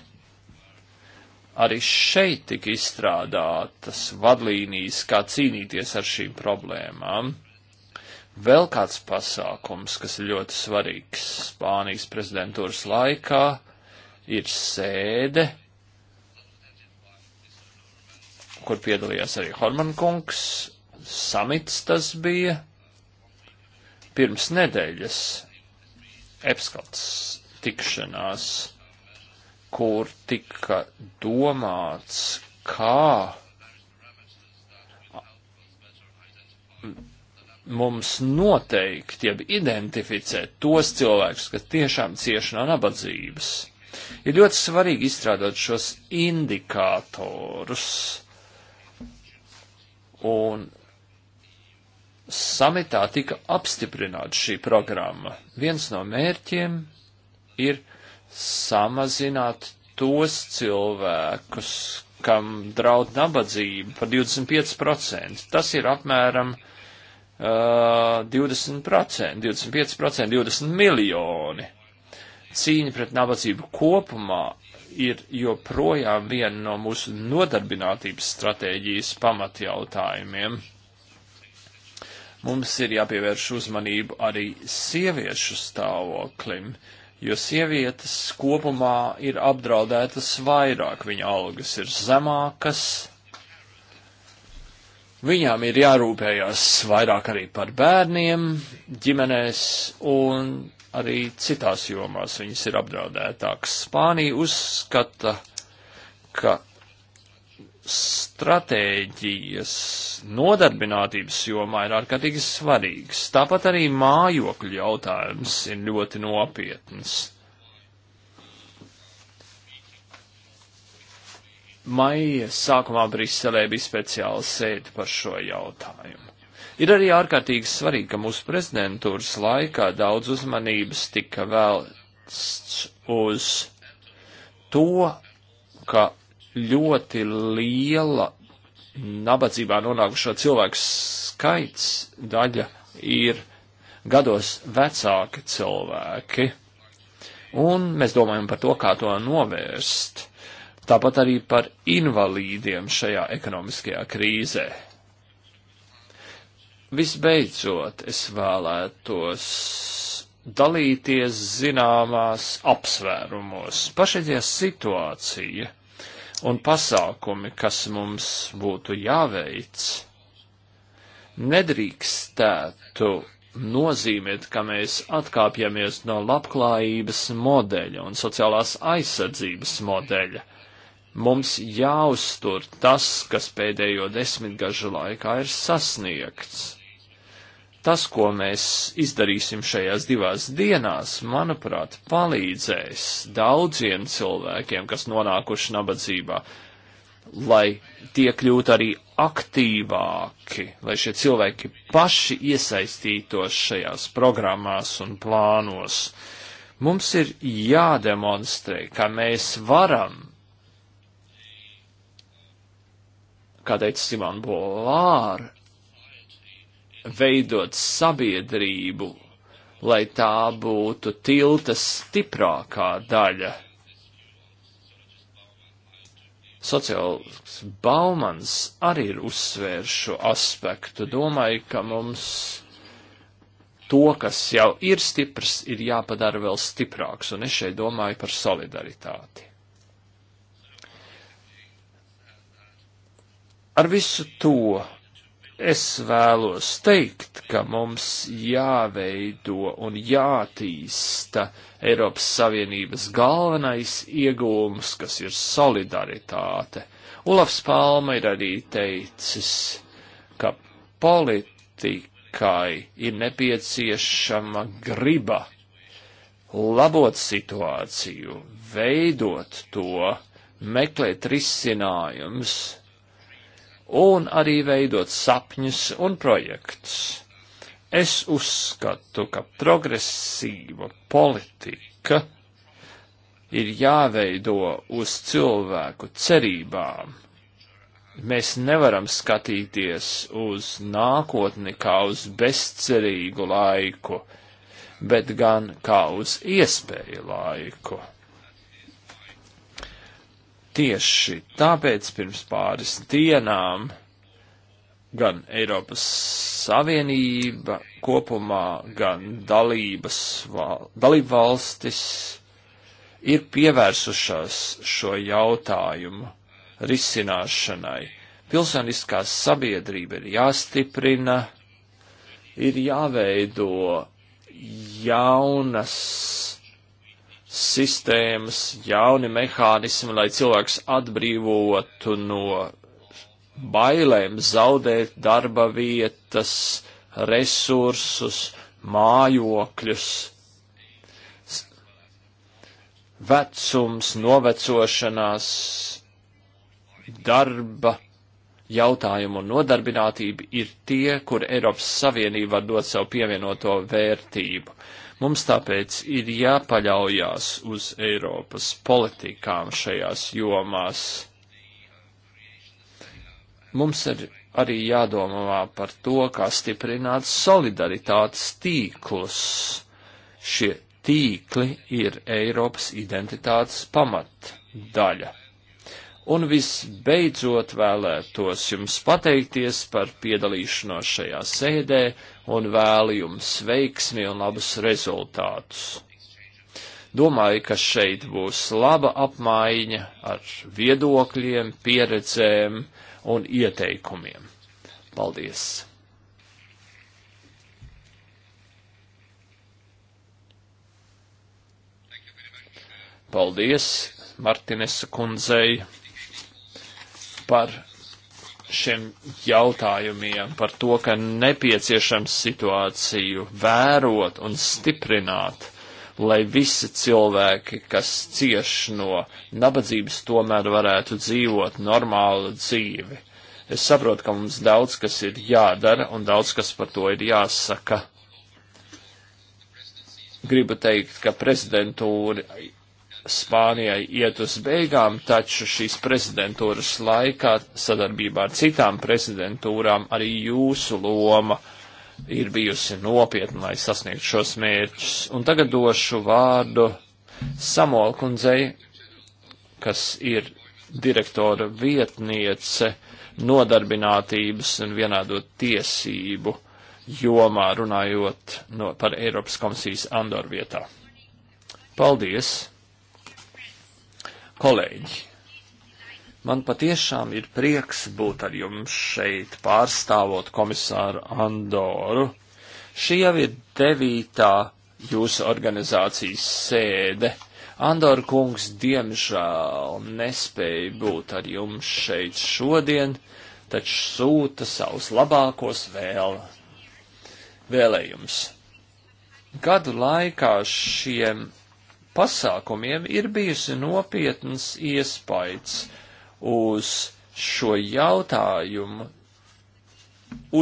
Arī šeit tika izstrādātas vadlīnijas, kā cīnīties ar šīm problēmām. Vēl kāds pasākums, kas ir ļoti svarīgs Spānijas prezidentūras laikā, ir sēde, kur piedalījās arī Hormankungs, samits tas bija pirms nedēļas Epskats tikšanās, kur tika domāts, kā mums noteikti, jeb identificēt tos cilvēkus, kas tiešām cieši no nabadzības. Ir ļoti svarīgi izstrādāt šos indikātorus. Un samitā tika apstiprināta šī programma. Viens no mērķiem ir samazināt tos cilvēkus, kam draud nabadzība par 25%. Tas ir apmēram uh, 20%, 25%, 20 miljoni. Cīņa pret nabadzību kopumā ir joprojām viena no mūsu nodarbinātības stratēģijas pamatjautājumiem. Mums ir jāpievērš uzmanību arī sieviešu stāvoklim, jo sievietes kopumā ir apdraudētas vairāk, viņa algas ir zemākas, viņām ir jārūpējās vairāk arī par bērniem ģimenēs, un arī citās jomās viņas ir apdraudētākas. Spānija uzskata, ka stratēģijas nodarbinātības jomā ir ārkārtīgi svarīgs. Tāpat arī mājokļu jautājums ir ļoti nopietns. Maija sākumā Briselē bija speciāla sēde par šo jautājumu. Ir arī ārkārtīgi svarīgi, ka mūsu prezidentūras laikā daudz uzmanības tika vēlsts uz to, ka ļoti liela nabadzībā nonākušo cilvēku skaits daļa ir gados vecāki cilvēki, un mēs domājam par to, kā to novērst. Tāpat arī par invalīdiem šajā ekonomiskajā krīzē. Visbeidzot, es vēlētos dalīties zināmās apsvērumos. Pašreizie situācija un pasākumi, kas mums būtu jāveic, nedrīkstētu nozīmēt, ka mēs atkāpjamies no labklājības modeļa un sociālās aizsardzības modeļa. Mums jāuztur tas, kas pēdējo desmitgažu laikā ir sasniegts Tas, ko mēs izdarīsim šajās divās dienās, manuprāt, palīdzēs daudziem cilvēkiem, kas nonākuši nabadzībā, lai tie kļūtu arī aktīvāki, lai šie cilvēki paši iesaistītos šajās programmās un plānos. Mums ir jādemonstrē, ka mēs varam, kā teica Simon Bolāra, veidot sabiedrību, lai tā būtu tilta stiprākā daļa. Sociāls Baumans arī ir uzsvērs šo aspektu. Domāju, ka mums to, kas jau ir stiprs, ir jāpadara vēl stiprāks, un es šeit domāju par solidaritāti. Ar visu to Es vēlos teikt, ka mums jāveido un jātīsta Eiropas Savienības galvenais iegūms, kas ir solidaritāte. Ulafs Palma ir arī teicis, ka politikai ir nepieciešama griba labot situāciju, veidot to, meklēt risinājumus un arī veidot sapņus un projektus. Es uzskatu, ka progresīva politika ir jāveido uz cilvēku cerībām. Mēs nevaram skatīties uz nākotni kā uz bezcerīgu laiku, bet gan kā uz iespēju laiku. Tieši tāpēc pirms pāris dienām gan Eiropas Savienība kopumā, gan dalības, val, dalība valstis ir pievērsušās šo jautājumu risināšanai. Pilsoniskā sabiedrība ir jāstiprina, ir jāveido jaunas sistēmas, jauni mehānismi, lai cilvēks atbrīvotu no bailēm zaudēt darba vietas, resursus, mājokļus. Vecums, novecošanās, darba jautājumu un nodarbinātība ir tie, kur Eiropas Savienība var dot savu pievienoto vērtību. Mums tāpēc ir jāpaļaujās uz Eiropas politikām šajās jomās. Mums ir arī jādomā par to, kā stiprināt solidaritātes tīklus. Šie tīkli ir Eiropas identitātes pamatdaļa. Un visbeidzot vēlētos jums pateikties par piedalīšanos šajā sēdē un vēlu jums veiksmi un labus rezultātus. Domāju, ka šeit būs laba apmaiņa ar viedokļiem, pieredzēm un ieteikumiem. Paldies! Paldies Martinesa kundzei par šiem jautājumiem par to, ka nepieciešams situāciju vērot un stiprināt, lai visi cilvēki, kas cieš no nabadzības, tomēr varētu dzīvot normālu dzīvi. Es saprotu, ka mums daudz kas ir jādara un daudz kas par to ir jāsaka. Gribu teikt, ka prezidentūra Spānijai iet uz beigām, taču šīs prezidentūras laikā sadarbībā ar citām prezidentūrām arī jūsu loma ir bijusi nopietna, lai sasniegtu šos mērķus. Un tagad došu vārdu Samolkundzei, kas ir direktora vietniece nodarbinātības un vienādo tiesību jomā runājot no, par Eiropas komisijas Andor vietā. Paldies! kolēģi! Man patiešām ir prieks būt ar jums šeit, pārstāvot komisāru Andoru. Šī jau ir devītā jūsu organizācijas sēde. Andor kungs, diemžēl, nespēja būt ar jums šeit šodien, taču sūta savus labākos vēl vēlējums. Gadu laikā šiem pasākumiem ir bijusi nopietns iespaids uz šo jautājumu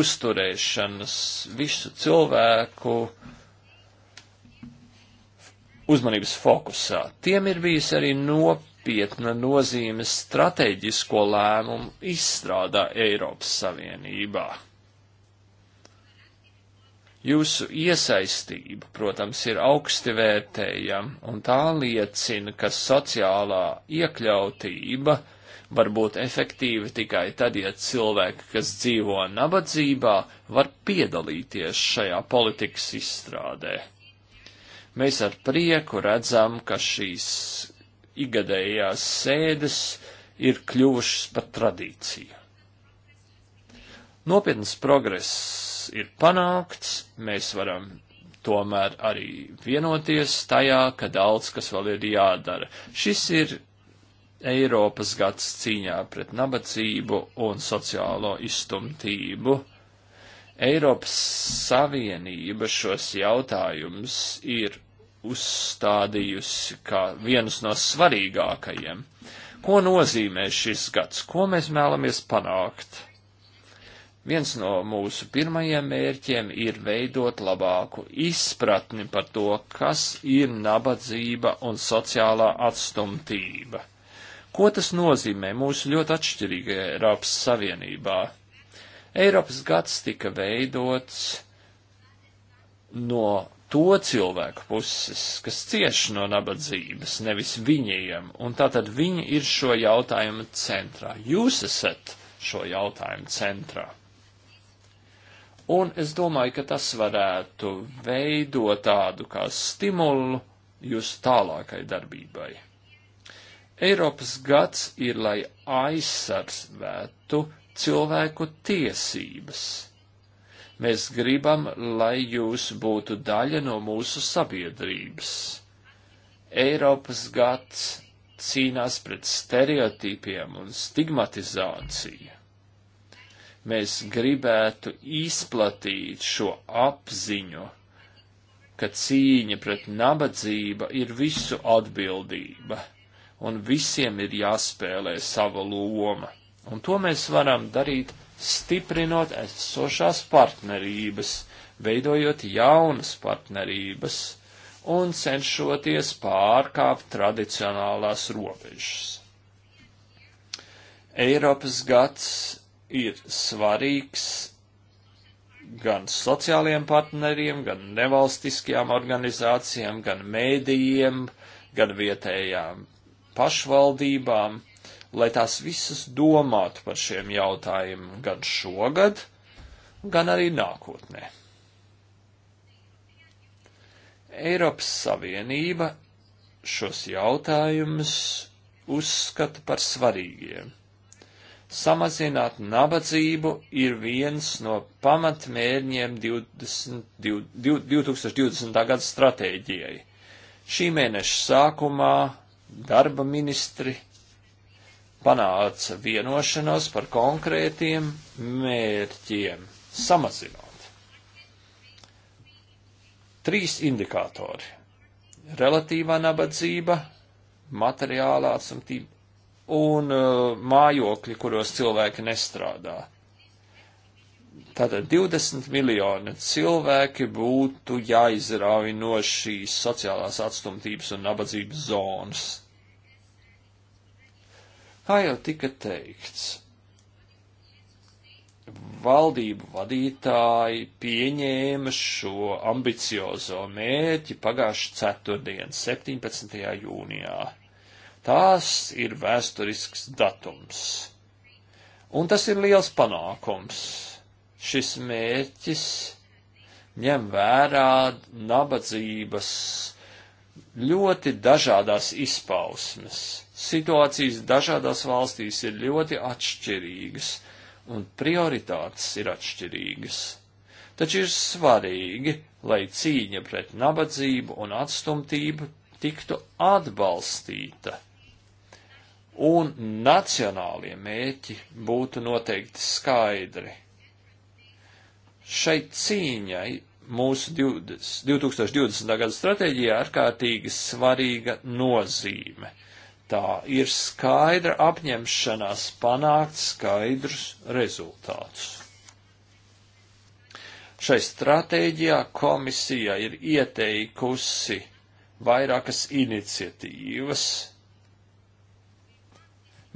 uzturēšanas visu cilvēku uzmanības fokusā. Tiem ir bijis arī nopietna nozīme strateģisko lēmumu izstrādā Eiropas Savienībā. Jūsu iesaistība, protams, ir augsti vērtējama, un tā liecina, ka sociālā iekļautība var būt efektīva tikai tad, ja cilvēki, kas dzīvo nabadzībā, var piedalīties šajā politikas izstrādē. Mēs ar prieku redzam, ka šīs igadējās sēdes ir kļuvušas par tradīciju. Nopietnas progress ir panākts, mēs varam tomēr arī vienoties tajā, ka daudz kas vēl ir jādara. Šis ir Eiropas gads cīņā pret nabadzību un sociālo izstumtību. Eiropas Savienība šos jautājumus ir uzstādījusi kā vienus no svarīgākajiem. Ko nozīmē šis gads? Ko mēs mēlamies panākt? Viens no mūsu pirmajiem mērķiem ir veidot labāku izpratni par to, kas ir nabadzība un sociālā atstumtība. Ko tas nozīmē mūsu ļoti atšķirīgajā Eiropas Savienībā? Eiropas gads tika veidots no to cilvēku puses, kas cieš no nabadzības, nevis viņiem, un tātad viņi ir šo jautājumu centrā. Jūs esat šo jautājumu centrā. Un es domāju, ka tas varētu veidot tādu kā stimulu jūsu tālākai darbībai. Eiropas gads ir, lai aizsardzētu cilvēku tiesības. Mēs gribam, lai jūs būtu daļa no mūsu sabiedrības. Eiropas gads cīnās pret stereotipiem un stigmatizāciju Mēs gribētu izplatīt šo apziņu, ka cīņa pret nabadzību ir visu atbildība, un visiem ir jāspēlē sava loma. Un to mēs varam darīt, stiprinot esošās partnerības, veidojot jaunas partnerības un cenšoties pārkāpt tradicionālās robežas. Eiropas gads ir svarīgs gan sociālajiem partneriem, gan nevalstiskajām organizācijām, gan mēdījiem, gan vietējām pašvaldībām, lai tās visas domātu par šiem jautājumiem gan šogad, gan arī nākotnē. Eiropas Savienība šos jautājumus uzskata par svarīgiem Samazināt nabadzību ir viens no pamatmērņiem 20, 2020. gada stratēģijai. Šī mēneša sākumā darba ministri panāca vienošanos par konkrētiem mērķiem samazinot. Trīs indikātori - relatīvā nabadzība, materiālās un tīpa un uh, mājokļi, kuros cilvēki nestrādā. Tātad 20 miljoni cilvēki būtu jāizrauj no šīs sociālās atstumtības un nabadzības zonas. Kā jau tika teikts, valdību vadītāji pieņēma šo ambiciozo mērķi pagājuši ceturtdien, 17. jūnijā. Tās ir vēsturisks datums. Un tas ir liels panākums. Šis mērķis ņem vērā nabadzības ļoti dažādās izpausmes. Situācijas dažādās valstīs ir ļoti atšķirīgas, un prioritātes ir atšķirīgas. Taču ir svarīgi, lai cīņa pret nabadzību un atstumtību tiktu atbalstīta un nacionālie mērķi būtu noteikti skaidri. Šai cīņai mūsu 20, 2020. gada stratēģijā ārkārtīgi svarīga nozīme. Tā ir skaidra apņemšanās panākt skaidrus rezultātus. Šai stratēģijā komisija ir ieteikusi vairākas iniciatīvas,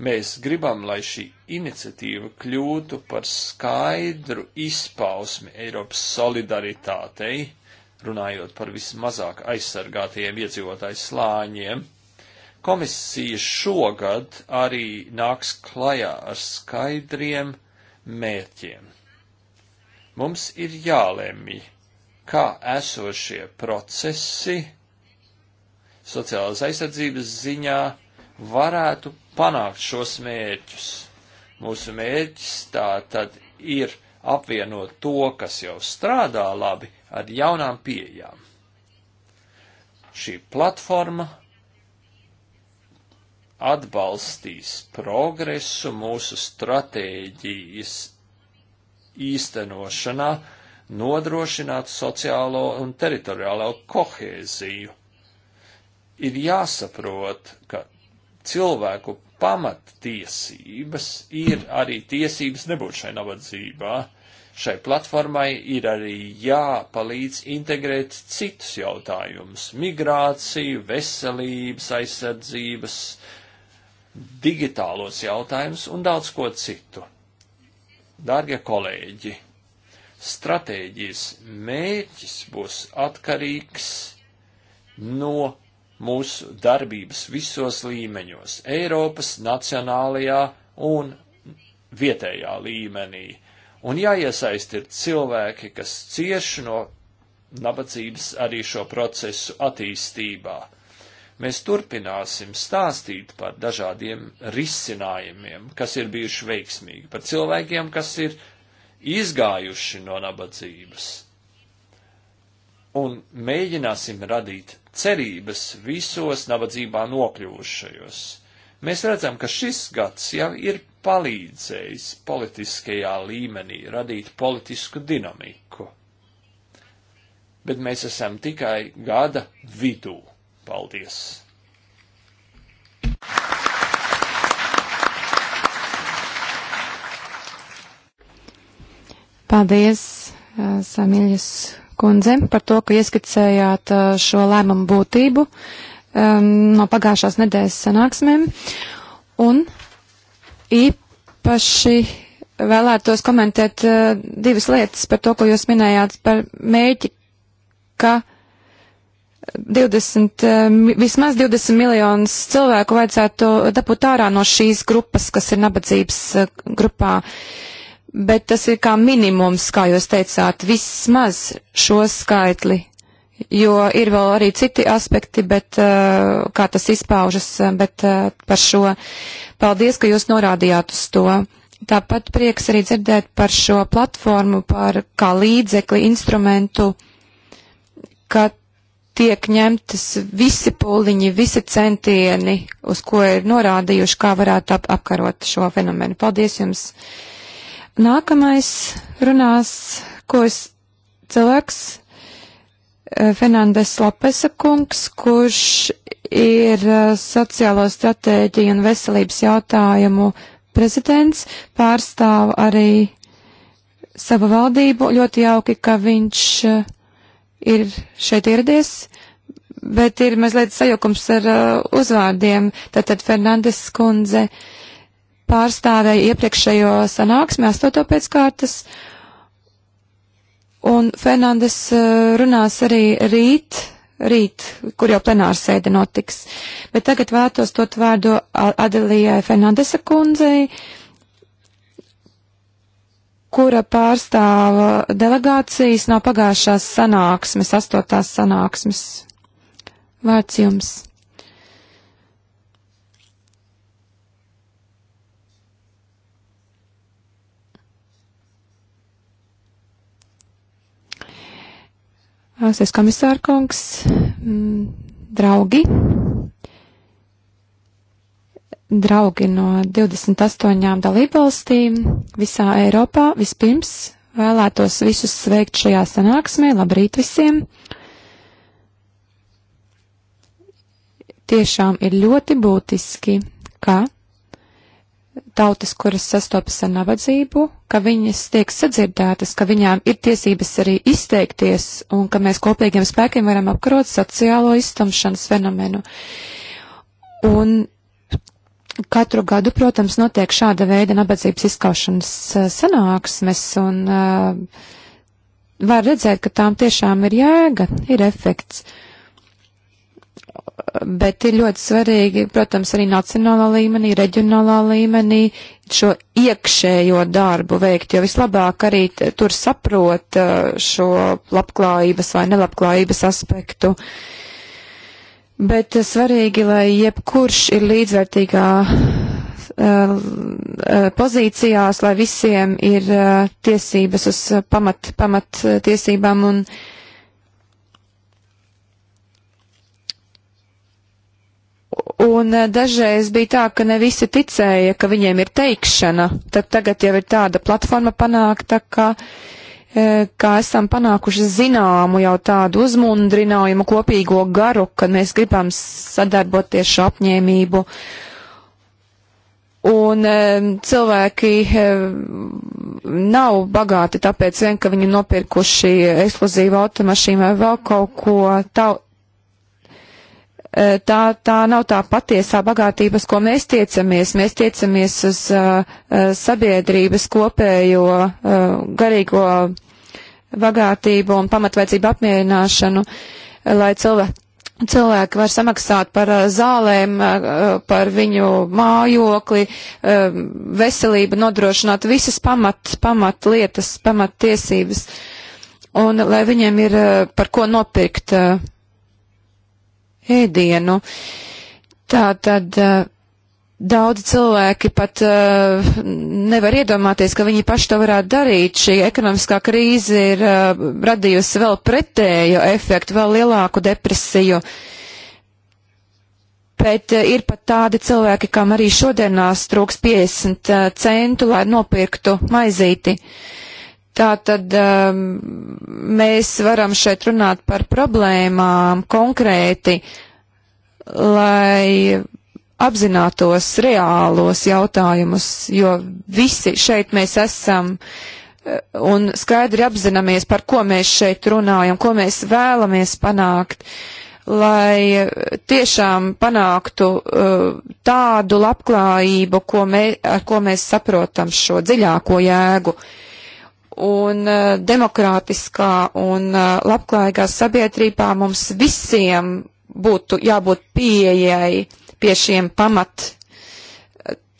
Mēs gribam, lai šī iniciatīva kļūtu par skaidru izpausmi Eiropas solidaritātei, runājot par vismazāk aizsargātajiem iedzīvotāju slāņiem. Komisija šogad arī nāks klajā ar skaidriem mērķiem. Mums ir jālemj, kā esošie procesi sociālās aizsardzības ziņā varētu panākt šos mērķus. Mūsu mērķis tā tad ir apvienot to, kas jau strādā labi, ar jaunām pieejām. Šī platforma atbalstīs progresu mūsu stratēģijas īstenošanā, nodrošināt sociālo un teritoriālo kohēziju. Ir jāsaprot, ka cilvēku pamattiesības ir arī tiesības nebūt šai nabadzībā. Šai platformai ir arī jāpalīdz integrēt citus jautājumus - migrāciju, veselības aizsardzības, digitālos jautājumus un daudz ko citu. Dārgie kolēģi, stratēģijas mērķis būs atkarīgs no mūsu darbības visos līmeņos - Eiropas, nacionālajā un vietējā līmenī. Un jāiesaist ir cilvēki, kas cieši no nabadzības arī šo procesu attīstībā. Mēs turpināsim stāstīt par dažādiem risinājumiem, kas ir bijuši veiksmīgi, par cilvēkiem, kas ir izgājuši no nabadzības. Un mēģināsim radīt cerības visos nabadzībā nokļuvušajos. Mēs redzam, ka šis gads jau ir palīdzējis politiskajā līmenī radīt politisku dinamiku. Bet mēs esam tikai gada vidū. Paldies! Paldies, uh, Samīļas kundze par to, ka ieskicējāt uh, šo lēmumu būtību um, no pagājušās nedēļas sanāksmēm. Un īpaši vēlētos komentēt uh, divas lietas par to, ko jūs minējāt par mēģi, ka 20, uh, vismaz 20 miljonus cilvēku vajadzētu dabūt ārā no šīs grupas, kas ir nabadzības uh, grupā. Uh, bet tas ir kā minimums, kā jūs teicāt, vismaz šo skaitli, jo ir vēl arī citi aspekti, bet uh, kā tas izpaužas, eh, bet uh, par šo paldies, ka jūs norādījāt uz to. Tāpat prieks arī dzirdēt par šo platformu, par kā līdzekli, instrumentu, ka tiek ņemtas visi pūliņi, visi centieni, uz ko ir norādījuši, kā varētu ap apkarot šo fenomenu. Paldies jums! Uh, Nākamais runās, ko es cilvēks eh, Fernandes Lopesa kungs, kurš ir eh, sociālo stratēģiju un veselības jautājumu prezidents, pārstāv arī savu valdību. Ļoti jauki, ka viņš eh, ir šeit ieradies, bet ir mazliet sajukums ar uzvārdiem. Tātad Fernandes kundze. Uh, pārstāvēja iepriekšējo sanāksmi, astoto pēc kārtas, un Fernandes eh, runās arī rīt, rīt, kur jau plenāra sēde notiks. Bet tagad vētos dot vārdu Adelijai Fernandesa kundzei, kura pārstāva delegācijas no pagājušās sanāksmes, astotās sanāksmes. Vārds jums. Sēs komisārkungs, mm, draugi, draugi no 28 dalībvalstīm visā Eiropā vispirms vēlētos visus sveikt šajā sanāksmē. Labrīt visiem! Tiešām ir ļoti būtiski, ka tautas, kuras sastopas ar nabadzību, ka viņas tiek sadzirdētas, ka viņām ir tiesības arī izteikties un ka mēs kopīgiem spēkiem varam apkarot sociālo iztumšanas fenomenu. Un katru gadu, protams, notiek šāda veida nabadzības izskaušanas eh, sanāksmes un uh, var redzēt, ka tām tiešām ir jēga, ir efekts. Uh, bet ir ļoti svarīgi, protams, arī nacionālā līmenī, reģionālā līmenī šo iekšējo darbu veikt, jo vislabāk arī tur saprot uh, šo labklājības vai nelabklājības aspektu. Bet uh, svarīgi, lai jebkurš ir līdzvērtīgā uh, pozīcijās, lai visiem ir tiesības uz pamat, pamat tiesībām un uh, Un eh, dažreiz bija tā, ka ne visi ticēja, ka viņiem ir teikšana, tad tagad jau ir tāda platforma panākta, ka, eh, ka esam panākuši zināmu jau tādu uzmundrinājumu kopīgo garu, ka mēs gribam sadarboties šo apņēmību. Un eh, cilvēki nav bagāti tāpēc vien, ka viņi nopirkuši ekskluzīvu automašīnu vai vēl kaut ko tādu Eh, tā, tā nav tā patiesā bagātības, ko mēs tiecamies. Mēs tiecamies uz uh, sabiedrības kopējo uh, garīgo bagātību un pamatvērtību apmierināšanu, lai cilvēki. Cilvēki var samaksāt par zālēm, par viņu mājokli, veselību nodrošināt visas pamat, pamat lietas, pamat tiesības. Un lai viņiem ir par ko nopirkt ēdienu. Tā tad eh, daudzi cilvēki pat eh, nevar iedomāties, ka viņi paši to varētu darīt. Šī ekonomiskā krīze ir eh, radījusi vēl pretējo efektu, vēl lielāku depresiju bet ir pat tādi cilvēki, kam arī šodienās trūks 50 centu, lai nopirktu maizīti. Uh, Tā tad um, mēs varam šeit runāt par problēmām konkrēti, lai apzinātos reālos jautājumus, jo visi šeit mēs esam uh, un skaidri apzināmies, par ko mēs šeit runājam, ko mēs vēlamies panākt, lai tiešām panāktu uh, tādu labklājību, ko mē, ar ko mēs saprotam šo dziļāko jēgu. Uh, un uh, demokrātiskā un uh, labklājīgā sabiedrībā mums visiem būtu jābūt pieejai pie šiem pamat eh,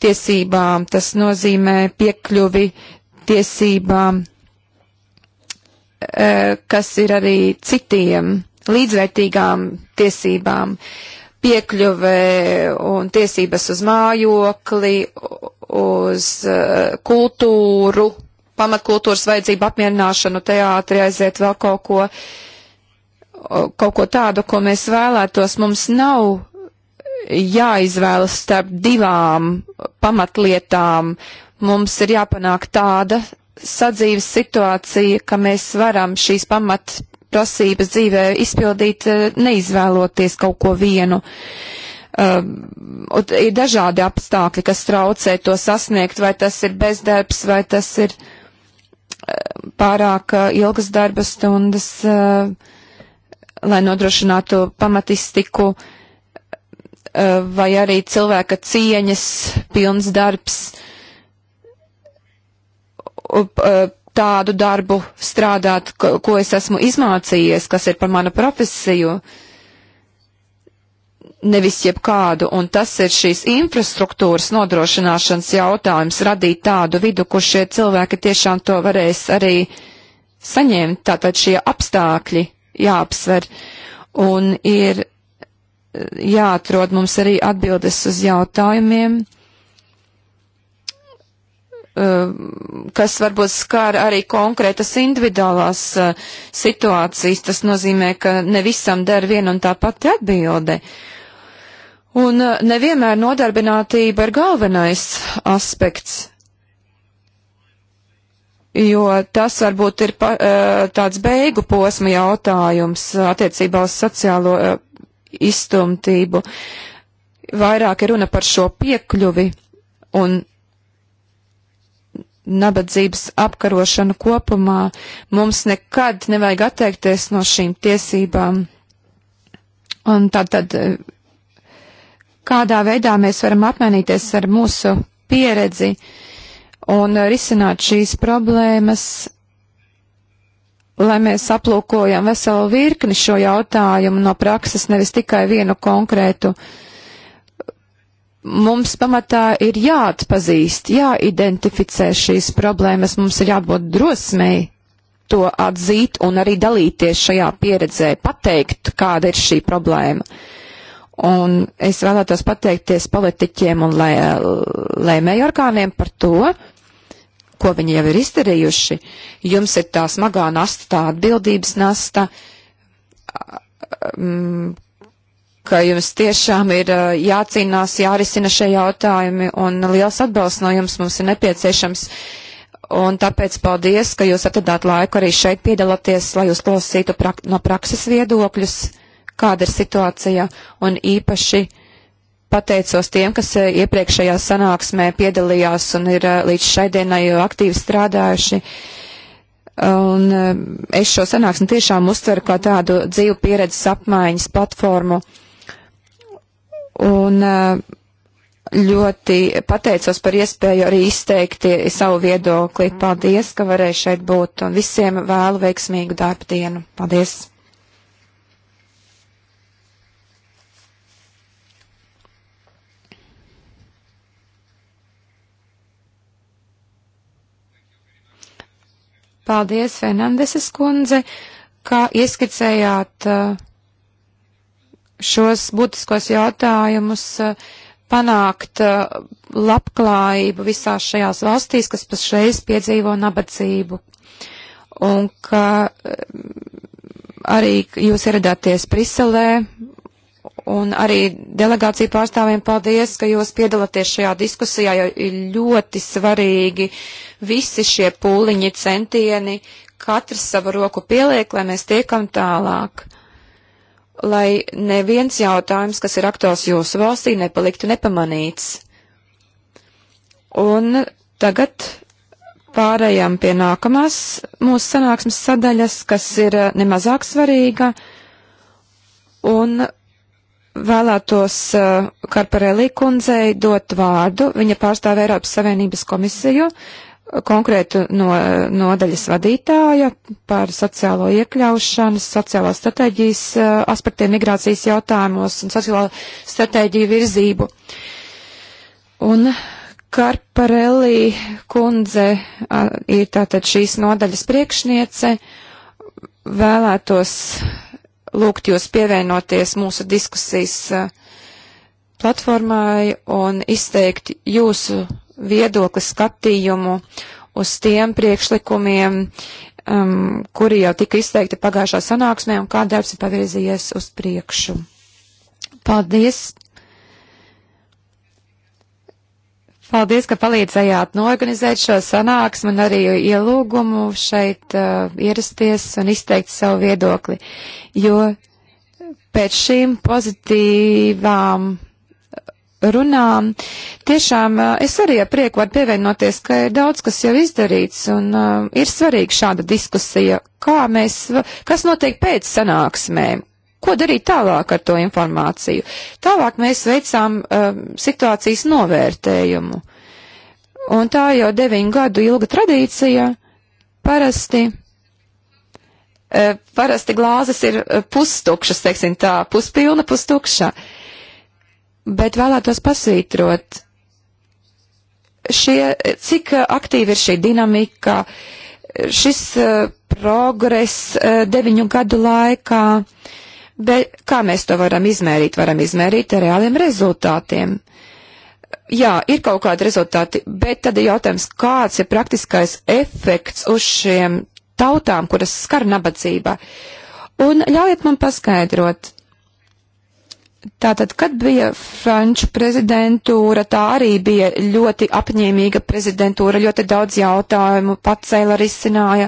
tiesībām. Tas nozīmē piekļuvi tiesībām, uh, kas ir arī citiem līdzvērtīgām tiesībām. Piekļuve un tiesības uz mājokli, uz kultūru, pamatkultūras vajadzību apmierināšanu teātri, aiziet vēl kaut ko, kaut ko tādu, ko mēs vēlētos. Mums nav jāizvēlas starp divām pamatlietām. Mums ir jāpanāk tāda sadzīves situācija, ka mēs varam šīs pamat prasības dzīvē izpildīt, e, neizvēloties kaut ko vienu. Um, ir dažādi apstākļi, kas traucē to sasniegt, vai tas ir bezdarbs, vai tas ir uh, pārāk eh, ilgas darba stundas, eh, lai nodrošinātu pamatistiku, eh, vai arī cilvēka cieņas pilns darbs, tādu darbu strādāt, ko es esmu izmācījies, kas ir par manu profesiju. Uh, nevis jebkādu, un tas ir šīs infrastruktūras nodrošināšanas jautājums, radīt tādu vidu, kur šie cilvēki tiešām to varēs arī saņemt, tātad šie apstākļi jāapsver, un ir eh, jāatrod mums arī atbildes uz jautājumiem, eh, kas varbūt skār arī konkrētas individuālās eh, situācijas, tas nozīmē, ka ne visam der viena un tā pati atbilde. Uh, Un eh, nevienmēr nodarbinātība ir galvenais aspekts, jo tas varbūt ir pa, eh, tāds beigu posma jautājums eh, attiecībā uz sociālo izstumtību. Vairāk ir runa par šo piekļuvi un nabadzības apkarošanu kopumā. Mums nekad nevajag atteikties no šīm tiesībām. Un tā tad kādā veidā mēs varam apmainīties ar mūsu pieredzi un risināt šīs problēmas, lai mēs aplūkojam veselu virkni šo jautājumu no prakses, nevis tikai vienu konkrētu. Mums pamatā ir jāatpazīst, jāidentificē šīs problēmas, mums ir jābūt drosmei to atzīt un arī dalīties šajā pieredzē, pateikt, kāda ir šī problēma. Un es vēlētos pateikties politiķiem un lē, eh, lēmēju orgāniem par to, ko viņi jau ir izdarījuši. Jums ir tā smagā nasta, tā atbildības nasta, mm, ka jums tiešām ir eh, jācīnās, jārisina šie jautājumi, un liels atbalsts no jums mums ir nepieciešams. Un tāpēc paldies, ka jūs atradāt laiku arī šeit piedalāties, lai jūs klausītu prak no prakses viedokļus kāda ir situācija, un īpaši pateicos tiem, kas eh, iepriekšējā sanāksmē piedalījās un ir eh, līdz šai dienai aktīvi strādājuši. Un eh, es šo sanāksmi tiešām uztveru kā tādu dzīvu pieredzes apmaiņas platformu. Un ļoti pateicos par iespēju arī izteikt savu viedokli. Paldies, ka varēju šeit būt un visiem vēlu veiksmīgu darba dienu. Paldies! Paldies, Fernandeses kundze, ka ieskicējāt eh, šos būtiskos jautājumus eh, panākt eh, labklājību visās šajās valstīs, kas pašreiz piedzīvo nabadzību. Un ka arī jūs ieradāties Briselē Un arī delegāciju pārstāvjiem paldies, ka jūs piedalāties šajā diskusijā, jo ir ļoti svarīgi visi šie pūliņi, centieni, katrs savu roku pieliek, lai mēs tiekam tālāk. Lai neviens jautājums, kas ir aktuāls jūsu valstī, nepaliktu nepamanīts. Un tagad pārējām pie nākamās mūsu sanāksmes sadaļas, kas ir eh, nemazāk svarīga. Un vēlētos uh, eh, Karparelī kundzei dot vārdu. Viņa pārstāv Eiropas Savienības komisiju, eh, konkrētu no, nodaļas vadītāja par sociālo iekļaušanas, sociālās stratēģijas uh, aspektiem migrācijas jautājumos un sociālo stratēģiju virzību. Un Karparelī kundze uh, ir tātad šīs nodaļas priekšniece. Vēlētos lūgt jūs pievienoties mūsu diskusijas eh, platformai un izteikt jūsu viedokli skatījumu uz tiem priekšlikumiem, um, kuri jau tika izteikti pagājušā sanāksmē un kā darbs ir pavirzījies uz priekšu. Paldies! Paldies, ka palīdzējāt norganizēt šo sanāksmu un arī ielūgumu šeit uh, ierasties un izteikt savu viedokli, jo pēc šīm pozitīvām runām tiešām uh, es arī ar prieku varu pievienoties, ka ir daudz, kas jau izdarīts un uh, ir svarīga šāda diskusija, kā mēs, kas notiek pēc sanāksmēm, Ko darīt tālāk ar to informāciju? Tālāk mēs veicām um, situācijas novērtējumu. Un tā jau deviņu gadu ilga tradīcija parasti eh, parasti glāzes ir eh, pustukšas, teiksim tā, puspilna, pustukša. Bet vēlētos pasvītrot, šie, cik aktīvi ir šī dinamika, šis eh, progress deviņu gadu laikā, bet kā mēs to varam izmērīt? Varam izmērīt ar reāliem rezultātiem. Jā, ir kaut kādi rezultāti, bet tad ir jautājums, kāds ir praktiskais efekts uz šiem tautām, kuras skar nabadzībā. Un ļaujiet man paskaidrot. Tātad, kad bija Franču prezidentūra, tā arī bija ļoti apņēmīga prezidentūra, ļoti daudz jautājumu pacēla, risināja.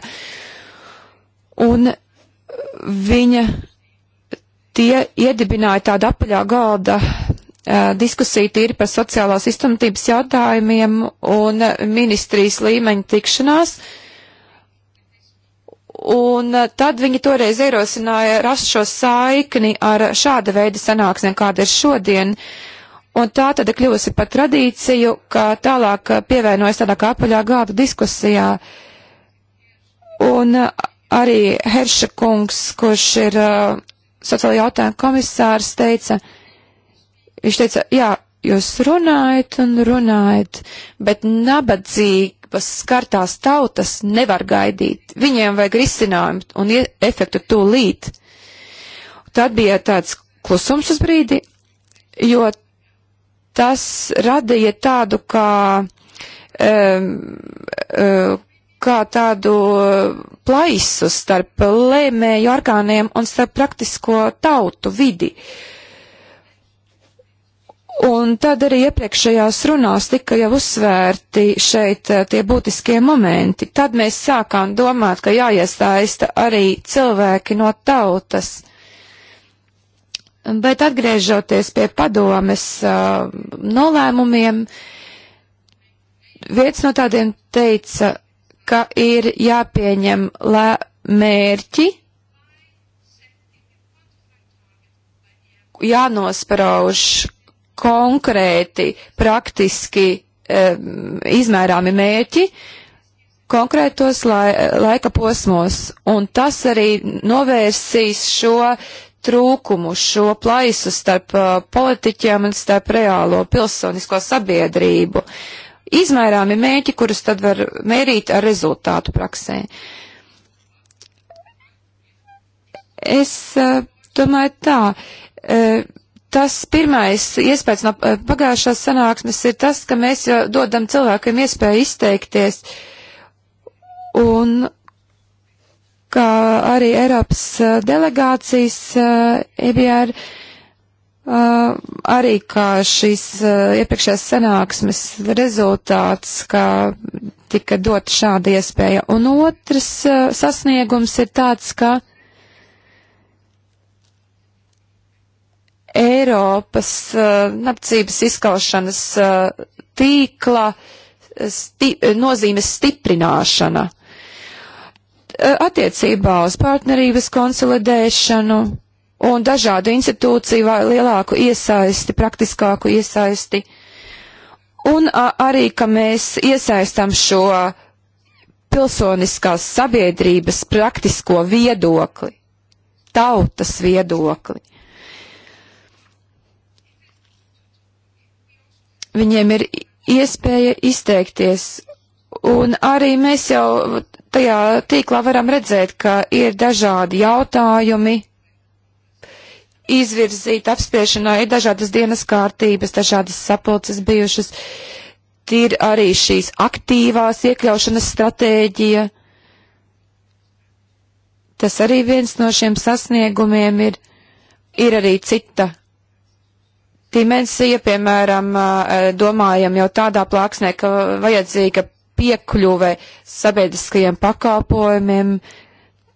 Un viņa tie iedibināja tādu apaļā galda eh, diskusiju tīri par sociālās iztumtības jautājumiem un ministrijas līmeņa tikšanās. Un eh, tad viņi toreiz ierosināja rast šo saikni ar šāda veida sanāksmēm, kāda ir šodien. Un tā tad kļūsi par tradīciju, ka tālāk eh, pievienojas tādā kā apaļā gāda diskusijā. Un arī Herša kungs, kurš ir uh, sociāla jautājuma komisārs teica, viņš teica, jā, jūs runājat un runājat, bet nabadzības skartās tautas nevar gaidīt. Viņiem vajag risinājumu un efektu tūlīt. Tad bija tāds klusums uz brīdi, jo tas radīja tādu kā um, uh, kā tādu plaisu starp lēmēju orgāniem un starp praktisko tautu vidi. Un tad arī iepriekšējās runās tika jau uzsvērti šeit eh, tie būtiskie momenti. Tad mēs sākām domāt, ka jāiesaista arī cilvēki no tautas. Bet atgriežoties pie padomes eh, nolēmumiem, viens no tādiem teica, ka ir jāpieņem mērķi, jānosprauž konkrēti, praktiski um, izmērāmi mērķi konkrētos lai, laika posmos, un tas arī novērsīs šo trūkumu, šo plaisu starp uh, politiķiem un starp reālo pilsonisko sabiedrību. Uh, izmērāmi mērķi, kurus tad var mērīt ar rezultātu praksē. Es eh, domāju tā, eh, tas pirmais iespējas no eh, pagājušās sanāksmes ir tas, ka mēs jau dodam cilvēkiem iespēju izteikties un kā arī Eiropas delegācijas EBR. Uh, Uh, arī kā šīs uh, iepriekšējās sanāksmes rezultāts, kā tika dot šāda iespēja. Un otrs uh, sasniegums ir tāds, ka Eiropas uh, nabadzības izskaušanas uh, tīkla sti nozīmes stiprināšana uh, attiecībā uz partnerības konsolidēšanu un dažādu institūciju lielāku iesaisti, praktiskāku iesaisti. Un a, arī, ka mēs iesaistam šo pilsoniskās sabiedrības praktisko viedokli, tautas viedokli. Viņiem ir iespēja izteikties, un arī mēs jau tajā tīklā varam redzēt, ka ir dažādi jautājumi, izvirzīt apspiešanai dažādas dienas kārtības, dažādas sapulces bijušas. Ir arī šīs aktīvās iekļaušanas stratēģija. Tas arī viens no šiem sasniegumiem ir, ir arī cita dimensija, piemēram, eh, domājam jau tādā plāksnē, ka vajadzīga piekļuve sabiedriskajiem pakalpojumiem,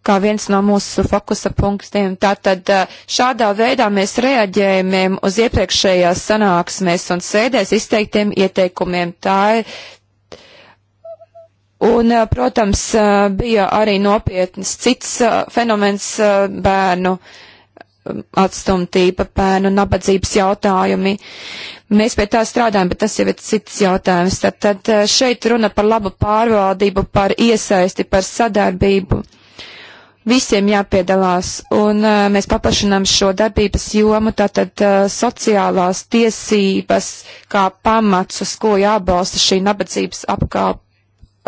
kā viens no mūsu fokusa punktiem. Tātad šādā veidā mēs reaģējam uz iepriekšējās sanāksmēs un sēdēs izteiktiem ieteikumiem. Tā ir. Un, protams, bija arī nopietns cits fenomens bērnu atstumtība, bērnu nabadzības jautājumi. Mēs pie tā strādājam, bet tas jau ir cits jautājums. Tad, tad šeit runa par labu pārvaldību, par iesaisti, par sadarbību visiem jāpiedalās, un uh, mēs paplašinām šo darbības jomu, tātad uh, sociālās tiesības kā pamats, uz ko jābalsta šī nabadzības apkāp,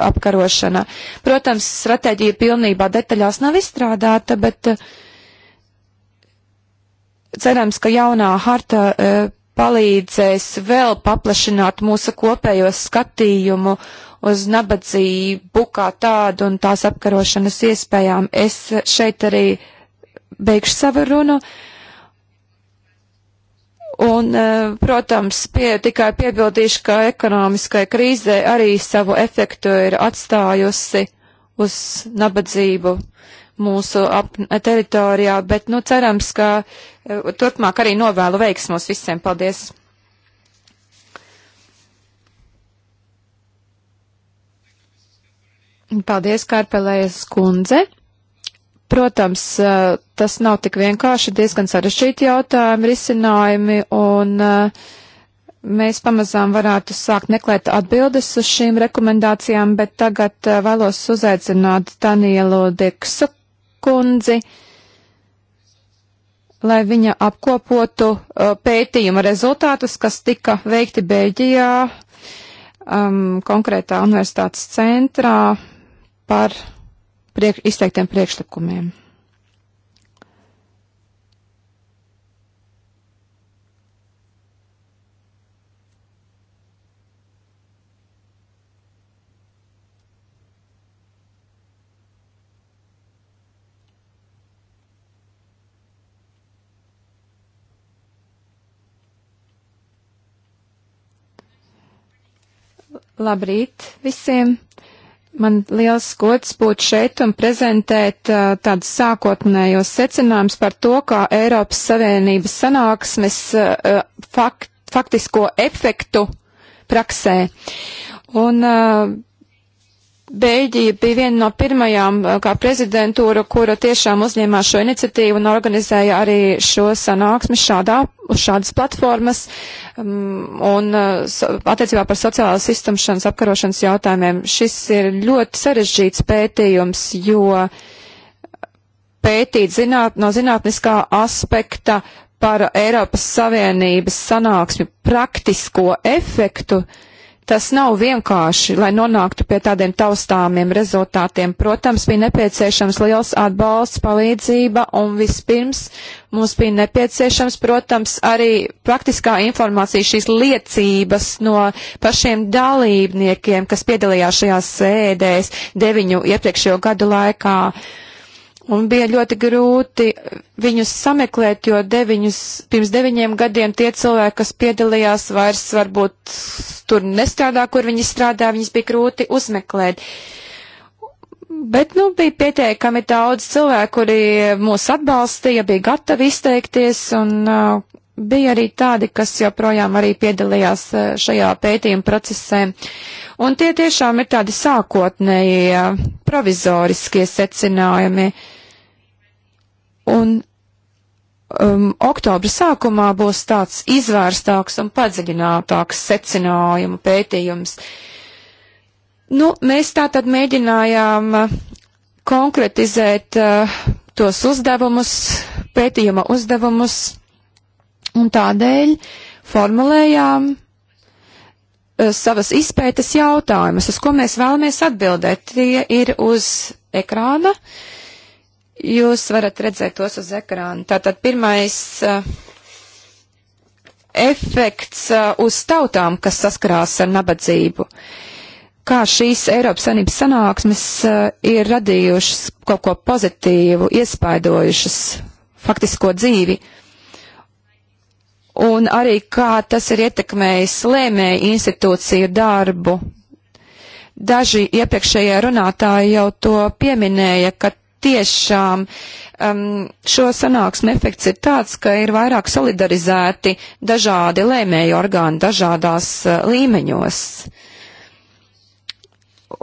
apkarošana. Protams, stratēģija pilnībā detaļās nav izstrādāta, bet uh, cerams, ka jaunā harta uh, palīdzēs vēl paplašināt mūsu kopējo skatījumu uz nabadzību kā tādu un tās apkarošanas iespējām. Es šeit arī beigšu savu runu. Un, eh, protams, pie, tikai piebildīšu, ka ekonomiskai krīzē arī savu efektu ir atstājusi uz nabadzību mūsu ap, teritorijā, bet, nu, cerams, ka eh, turpmāk arī novēlu veiksmus visiem. Paldies! Paldies, Kārpelējas kundze. Protams, tas nav tik vienkārši, diezgan sarežģīti jautājumi, risinājumi, un mēs pamazām varētu sākt meklēt atbildes uz šīm rekomendācijām, bet tagad vēlos uzaicināt Danielu Diksu kundzi, lai viņa apkopotu pētījuma rezultātus, kas tika veikti Bēļģijā um, konkrētā universitātes centrā par priek, izteiktiem priekšlikumiem. Labrīt visiem! Man liels gods būt šeit un prezentēt uh, tādus sākotnējos secinājumus par to, kā Eiropas Savienības sanāksmes uh, fakt, faktisko efektu praksē. Un uh, Beļģija bija viena no pirmajām eh, kā prezidentūra, kura tiešām uzņēmās šo iniciatīvu un organizēja arī šo sanāksmi šādā, uz šādas platformas um, un eh, attiecībā par sociālās iztumšanas apkarošanas jautājumiem. Šis ir ļoti sarežģīts pētījums, jo pētīt zināt, no zinātniskā aspekta par Eiropas Savienības sanāksmi praktisko efektu uh, Tas nav vienkārši, lai nonāktu pie tādiem taustāmiem rezultātiem. Protams, bija nepieciešams liels atbalsts, palīdzība un vispirms mums bija nepieciešams, protams, arī praktiskā informācija šīs liecības no pašiem dalībniekiem, kas piedalījās šajās sēdēs deviņu iepriekšējo gadu laikā. Uh, Un bija ļoti grūti viņus sameklēt, jo deviņus, pirms deviņiem gadiem tie cilvēki, kas piedalījās, vairs varbūt tur nestrādā, kur viņi strādā, viņus bija grūti uzmeklēt. Bet, nu, bija pietiekami daudz cilvēku, kuri mūs atbalstīja, bija gatavi izteikties, un uh, bija arī tādi, kas joprojām arī piedalījās uh, šajā pētījuma procesē. Un tie tiešām ir tādi sākotnējie uh, provizoriskie secinājumi. Uh, Un um, oktobra sākumā būs tāds izvērstāks un padziļinātāks secinājumu pētījums. Nu, mēs tā tad mēģinājām uh, konkretizēt uh, tos uzdevumus, pētījuma uzdevumus, un tādēļ formulējām uh, savas izpētes jautājumus, uz ko mēs vēlamies atbildēt. Tie ir uz ekrāna. Uh, Jūs varat redzēt tos uz ekrāna. Tātad pirmais uh, efekts uh, uz tautām, kas saskarās ar nabadzību. Kā šīs Eiropas Sanības sanāksmes uh, ir radījušas kaut ko pozitīvu, iespaidojušas faktisko dzīvi. Un arī kā tas ir ietekmējis lēmēju institūciju darbu. Daži iepriekšējie runātāji jau to pieminēja, ka tiešām um, šo sanāksmu efekts ir tāds, ka ir vairāk solidarizēti dažādi lēmēju orgāni dažādās uh, līmeņos.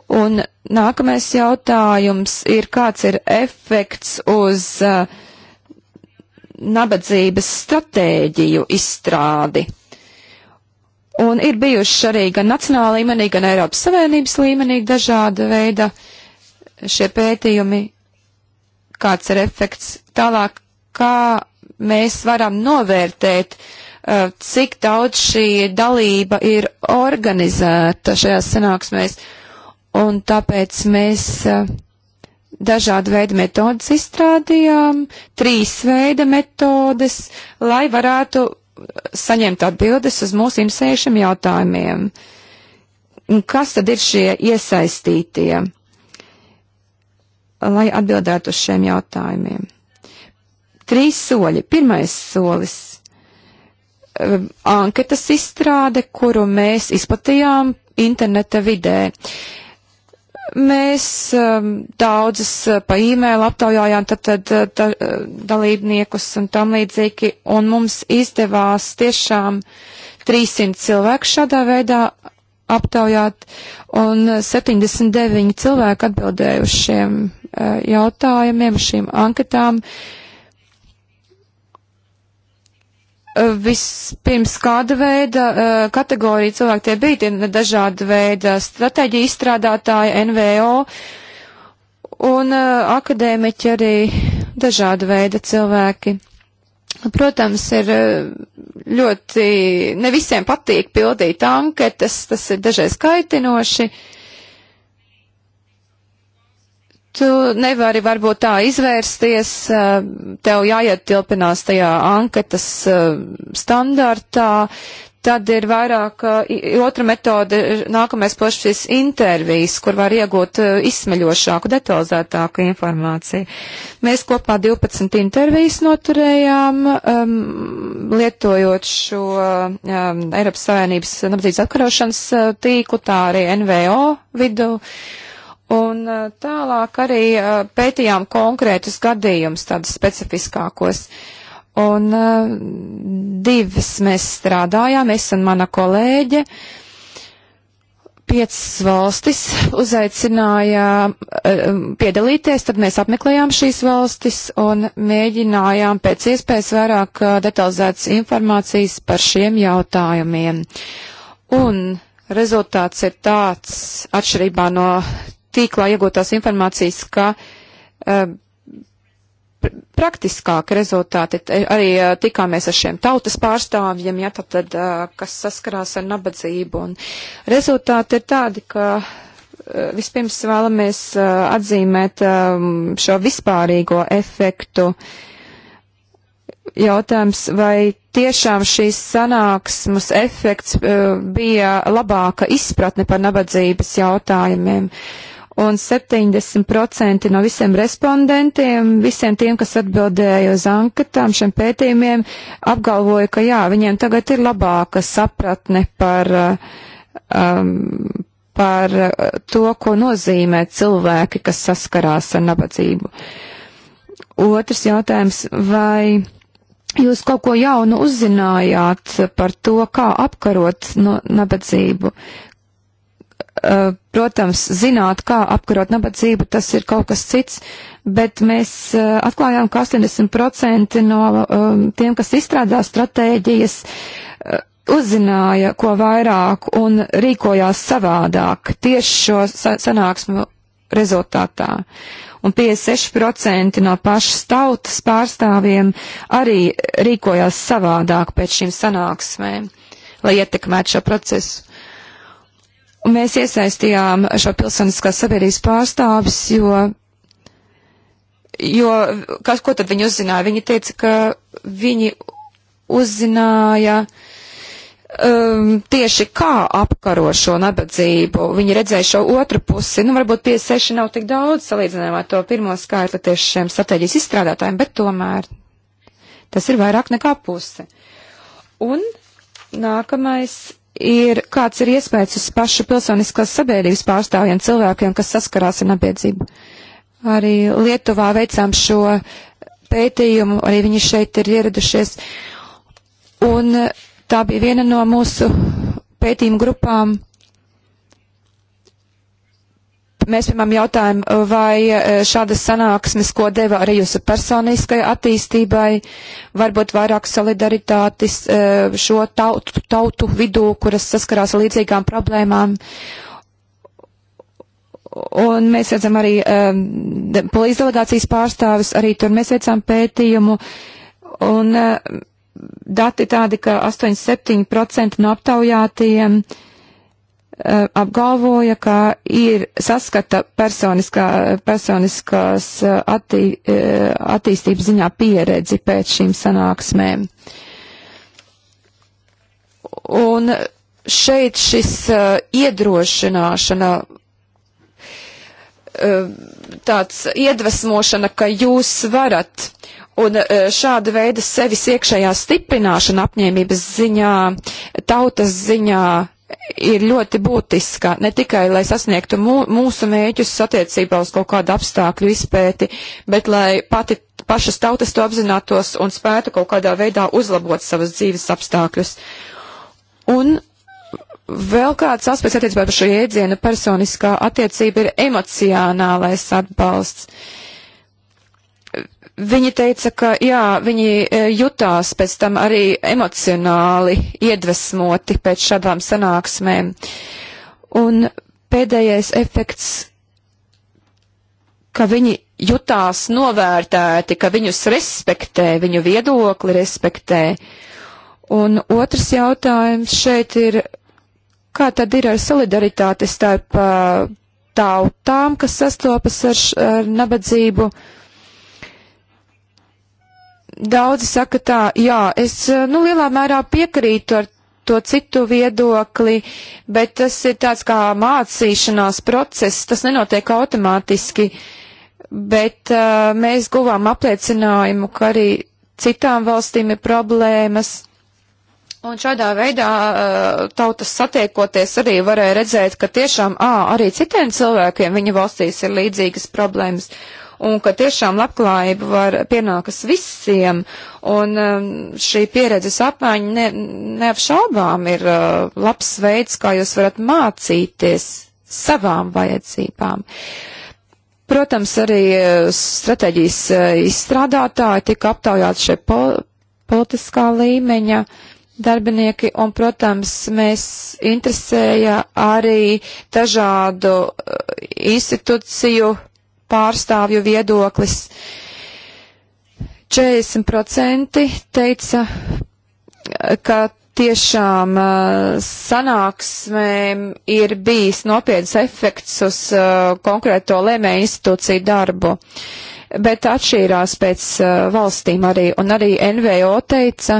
Un nākamais jautājums ir, kāds ir efekts uz uh, nabadzības stratēģiju izstrādi? Un ir bijuši arī gan nacionāla līmenī, gan Eiropas Savienības līmenī dažāda veida šie pētījumi, kāds ir efekts. Tālāk, kā mēs varam novērtēt, eh, cik daudz šī dalība ir organizēta šajās sanāksmēs, un tāpēc mēs eh, dažādu veidu metodas izstrādījām, trīs veida metodas, lai varētu eh, saņemt atbildes uz mūsu interesējušiem jautājumiem. Un kas tad ir šie iesaistītie? lai atbildētu uz šiem jautājumiem. Trīs soļi. Pirmais solis ehm, anketas izstrāde, kuru mēs izplatījām interneta vidē. Mēs um, daudzas eh, pa e-mēlu aptaujājām tad, tad, tad, eh, eh, dalībniekus un tam līdzīgi, un mums izdevās tiešām 300 cilvēku šādā veidā aptaujāt, un 79 eh, cilvēki atbildēja uz šiem eh, jautājumiem, uz šīm anketām. Eh, vispirms kāda veida kategorija cilvēki tie bija, tie dažāda veida stratēģija izstrādātāji, NVO un akadēmiķi arī dažāda veida cilvēki. Protams, ir eh, ļoti ne visiem patīk pildīt anketas, tas ir dažreiz kaitinoši. Tu nevari varbūt tā izvērsties, eh, tev jāietilpinās tajā anketas eh, standartā, Tad ir vairāk otra metode, nākamais plašs intervijas, kur var iegūt izsmeļošāku, detalizētāku informāciju. Mēs kopā 12 intervijas noturējām, um, lietojot šo um, Eiropas Savienības nabadzības apkarošanas tīklu, tā arī NVO vidu. Un tālāk arī pētījām konkrētus gadījumus, tādus specifiskākos. Uh, Un uh, divas mēs strādājām, es un mana kolēģe. Piecas valstis uzaicināja uh, um, piedalīties, tad mēs apmeklējām šīs valstis un mēģinājām pēc iespējas vairāk uh, detalizētas informācijas par šiem jautājumiem. Un rezultāts ir tāds, atšķirībā no tīklā iegūtās informācijas, ka uh, praktiskāki rezultāti. Arī tikāmies ar šiem tautas pārstāvjiem, ja, tad, tad, kas saskarās ar nabadzību. Un rezultāti ir tādi, ka vispirms vēlamies atzīmēt šo vispārīgo efektu. Jautājums, vai tiešām šīs sanāksmes efekts bija labāka izpratne par nabadzības jautājumiem? Uh, un 70% no visiem respondentiem, visiem tiem, kas atbildēja uz anketām šiem pētījumiem, apgalvoja, ka jā, viņiem tagad ir labāka sapratne par, eh, um, par eh, to, ko nozīmē cilvēki, kas saskarās ar nabadzību. Otrs jautājums, vai jūs kaut ko jaunu uzzinājāt par to, kā apkarot no nabadzību? Eh, protams, zināt, kā apkarot nabadzību, tas ir kaut kas cits, bet mēs eh, atklājām, ka 80% no eh, tiem, kas izstrādā stratēģijas, uzzināja ko vairāk un rīkojās savādāk tieši šo sanāksmu rezultātā. Un 56% no pašas tautas pārstāvjiem arī rīkojās savādāk pēc šīm sanāksmēm, lai ietekmētu šo procesu. Un mēs iesaistījām šo pilsoniskās sabiedrības pārstāvis, jo, jo kas, ko tad viņi uzzināja? Viņi teica, ka viņi uzzināja um, tieši kā apkaro šo nabadzību. Viņi redzēja šo otru pusi, nu varbūt 56 nav tik daudz salīdzinājumā ar to pirmo skaitli tieši šiem strateģijas izstrādātājiem, bet tomēr tas ir vairāk nekā puse. Un nākamais ir, kāds ir iespējas uz pašu pilsoniskās sabiedrības pārstāvjiem cilvēkiem, kas saskarās ar nabadzību. Arī Lietuvā veicām šo pētījumu, arī viņi šeit ir ieradušies. Un tā bija viena no mūsu pētījumu grupām Mēs, piemēram, jautājam, uh, vai uh, šādas sanāksmes, ko deva arī jūsu personiskai attīstībai, varbūt vairāk solidaritātes uh, šo tautu, tautu vidū, kuras saskarās ar līdzīgām problēmām. Un mēs redzam arī um, polijas delegācijas pārstāvis, arī tur mēs veicām pētījumu. Un uh, dati tādi, ka 87% no aptaujātajiem uh, apgalvoja, ka ir saskata personiskā, personiskās attī, attīstības ziņā pieredzi pēc šīm sanāksmēm. Un šeit šis iedrošināšana tāds iedvesmošana, ka jūs varat. Un šāda veida sevis iekšējā stiprināšana apņēmības ziņā, tautas ziņā, ir ļoti būtiska ne tikai, lai sasniegtu mū, mūsu mēķus attiecībā uz kaut kādu apstākļu izpēti, bet lai pati pašas tautas to apzinātos un spētu kaut kādā veidā uzlabot savas dzīves apstākļus. Un vēl kāds aspekts attiecībā par šo jēdzienu personiskā attiecība ir emocionālais atbalsts. Uh, Viņi teica, ka jā, viņi e, jutās pēc tam arī emocionāli iedvesmoti pēc šādām sanāksmēm. Un pēdējais efekts, ka viņi jutās novērtēti, ka viņus respektē, viņu viedokli respektē. Un otrs jautājums šeit ir, kā tad ir ar solidaritāti starp e, tautām, kas sastopas ar, ar nabadzību? Daudzi saka tā, jā, es eh, nu lielā mērā piekrītu ar to citu viedokli, bet tas ir tāds kā mācīšanās process, tas nenotiek automātiski, bet uh, mēs guvām apliecinājumu, ka arī citām valstīm ir problēmas. Un šādā veidā eh, tautas satiekoties arī varēja redzēt, ka tiešām ā, arī citiem cilvēkiem viņa valstīs ir līdzīgas problēmas un ka tiešām labklājība var pienākas visiem, un um, šī pieredzes apmaiņa ne, neapšaubām ir uh, labs veids, kā jūs varat mācīties savām vajadzībām. Protams, arī uh, stratēģijas uh, izstrādātāji tika aptaujāti šie pol politiskā līmeņa darbinieki, un, protams, mēs interesēja arī dažādu institūciju pārstāvju viedoklis. 40% teica, ka tiešām uh, sanāksmēm ir bijis nopietns efekts uz uh, konkrēto lēmēju institūciju darbu, bet atšķīrās pēc uh, valstīm arī, un arī NVO teica,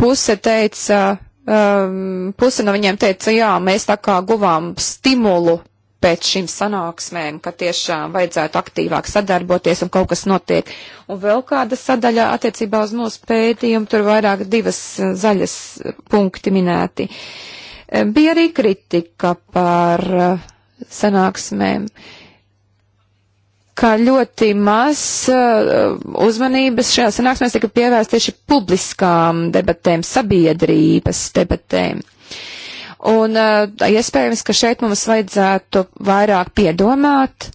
puse teica, um, puse no viņiem teica, jā, mēs tā kā guvām stimulu pēc šīm sanāksmēm, ka tiešām vajadzētu aktīvāk sadarboties un kaut kas notiek. Un vēl kāda sadaļa attiecībā uz mūsu pētījumu, tur vairāk divas uh, zaļas uh, punkti minēti. Um, bija arī kritika par uh, sanāksmēm. Uh, ka ļoti maz uh, uzmanības šajā sanāksmēs tika pievērst tieši publiskām debatēm, sabiedrības debatēm. Un uh, iespējams, ka šeit mums vajadzētu vairāk piedomāt,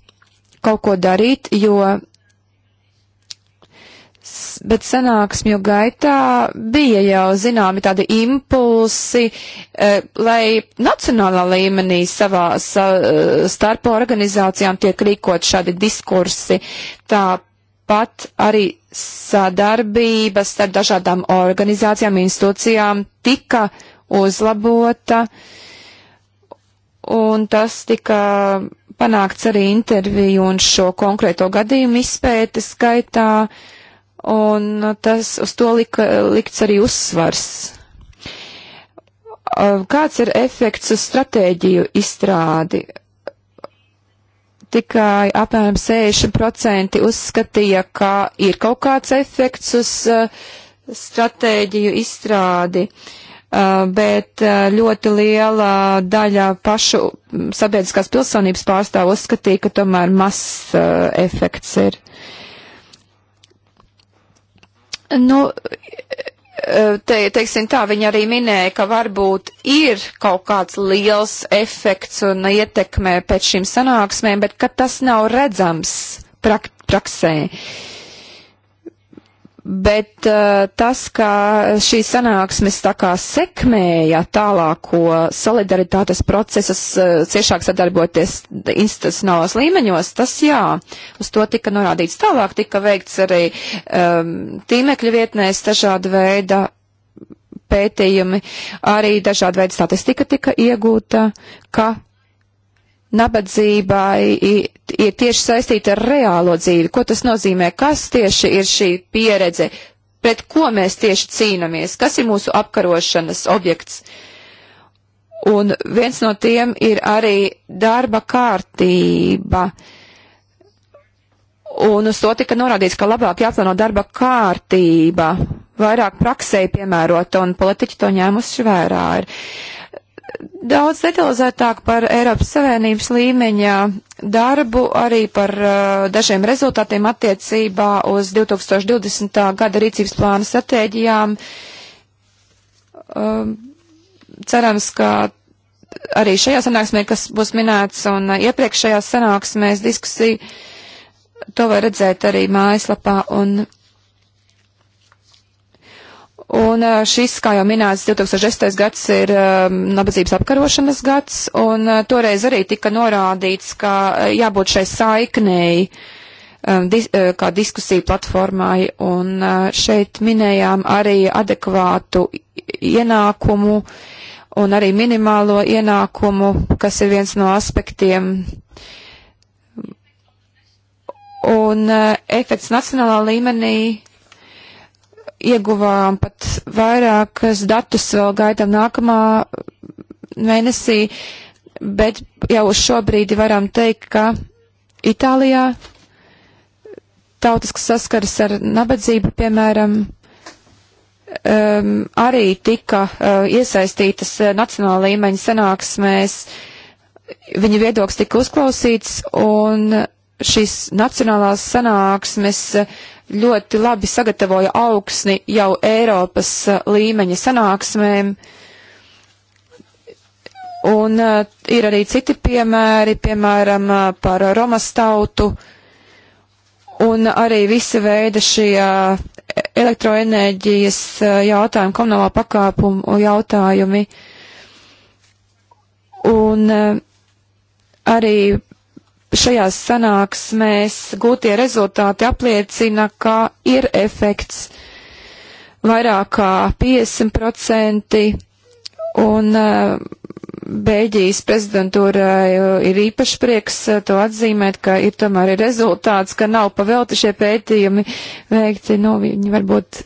kaut ko darīt, jo bet sanāksmju gaitā bija jau zināmi tādi impulsi, eh, lai nacionālā līmenī savā sa, eh, starpā organizācijām tiek rīkot šādi diskursi. Tāpat arī sadarbības starp dažādām organizācijām, institūcijām tika uzlabota, un tas tika panākts arī interviju un šo konkrēto gadījumu izpētes gaitā. Uh, un uh, tas uz to lika, likts arī uzsvars. Uh, kāds ir efekts uz stratēģiju izstrādi? Tikai apmēram 60% uzskatīja, ka ir kaut kāds efekts uz uh, stratēģiju izstrādi, bet ļoti liela daļa pašu sabiedriskās pilsonības pārstāvu uzskatīja, ka tomēr mazs efekts ir. Uh, Nu, e, te, teiksim tā, viņi arī minēja, ka varbūt ir kaut kāds liels efekts un ietekme pēc šīm sanāksmēm, bet ka tas nav redzams prak praksē. Uh, Bet uh, tas, ka šī sanāksmes tā kā sekmēja tālāko solidaritātes procesus, uh, ciešāk sadarboties institucionālos līmeņos, tas jā, uz to tika norādīts tālāk, tika veikts arī um, tīmekļa vietnēs dažāda veida pētījumi, arī dažāda veida statistika tika iegūta, ka nabadzība ir tieši saistīta ar reālo dzīvi. Ko tas nozīmē? Kas tieši ir šī pieredze? Pret ko mēs tieši cīnāmies? Kas ir mūsu apkarošanas objekts? Un viens no tiem ir arī darba kārtība. Un uz to tika norādīts, ka labāk jāplāno darba kārtība, vairāk praksē piemērota, un politiķi to ņēmuši vērā. Ir daudz detalizētāk par Eiropas Savienības līmeņa darbu, arī par uh, dažiem rezultātiem attiecībā uz 2020. gada rīcības plāna stratēģijām. Um, cerams, ka arī šajā sanāksmē, kas būs minēts, un uh, iepriekšējās sanāksmēs diskusija, to var redzēt arī mājaslapā un Un eh, šis, kā jau minēts, 2006. gads ir um, nabadzības apkarošanas gads, un uh, toreiz arī tika norādīts, ka jābūt šai saiknēji um, dis, uh, kā diskusiju platformai, un uh, šeit minējām arī adekvātu ienākumu un arī minimālo ienākumu, kas ir viens no aspektiem. Un efekts nacionālā līmenī ieguvām pat vairākas datus vēl gaidām nākamā mēnesī, bet jau uz šo brīdi varam teikt, ka Itālijā tautas, kas saskaras ar nabadzību, piemēram, um, arī tika uh, iesaistītas uh, nacionāla līmeņa sanāksmēs, viņa viedoklis tika uzklausīts un šīs nacionālās sanāksmes uh, ļoti labi sagatavoja augsni jau Eiropas līmeņa sanāksmēm. Un uh, ir arī citi piemēri, piemēram, par Romas tautu un arī visa veida šie e, elektroenerģijas jautājumi, komunālā pakāpuma jautājumi. Un arī šajās sanāksmēs gūtie rezultāti apliecina, ka ir efekts vairāk kā 50% un uh, eh, Bēļģijas prezidentūrai eh, ir īpaši prieks eh, to atzīmēt, ka ir tomēr ir rezultāts, ka nav pavelti šie pētījumi veikti, nu, viņi varbūt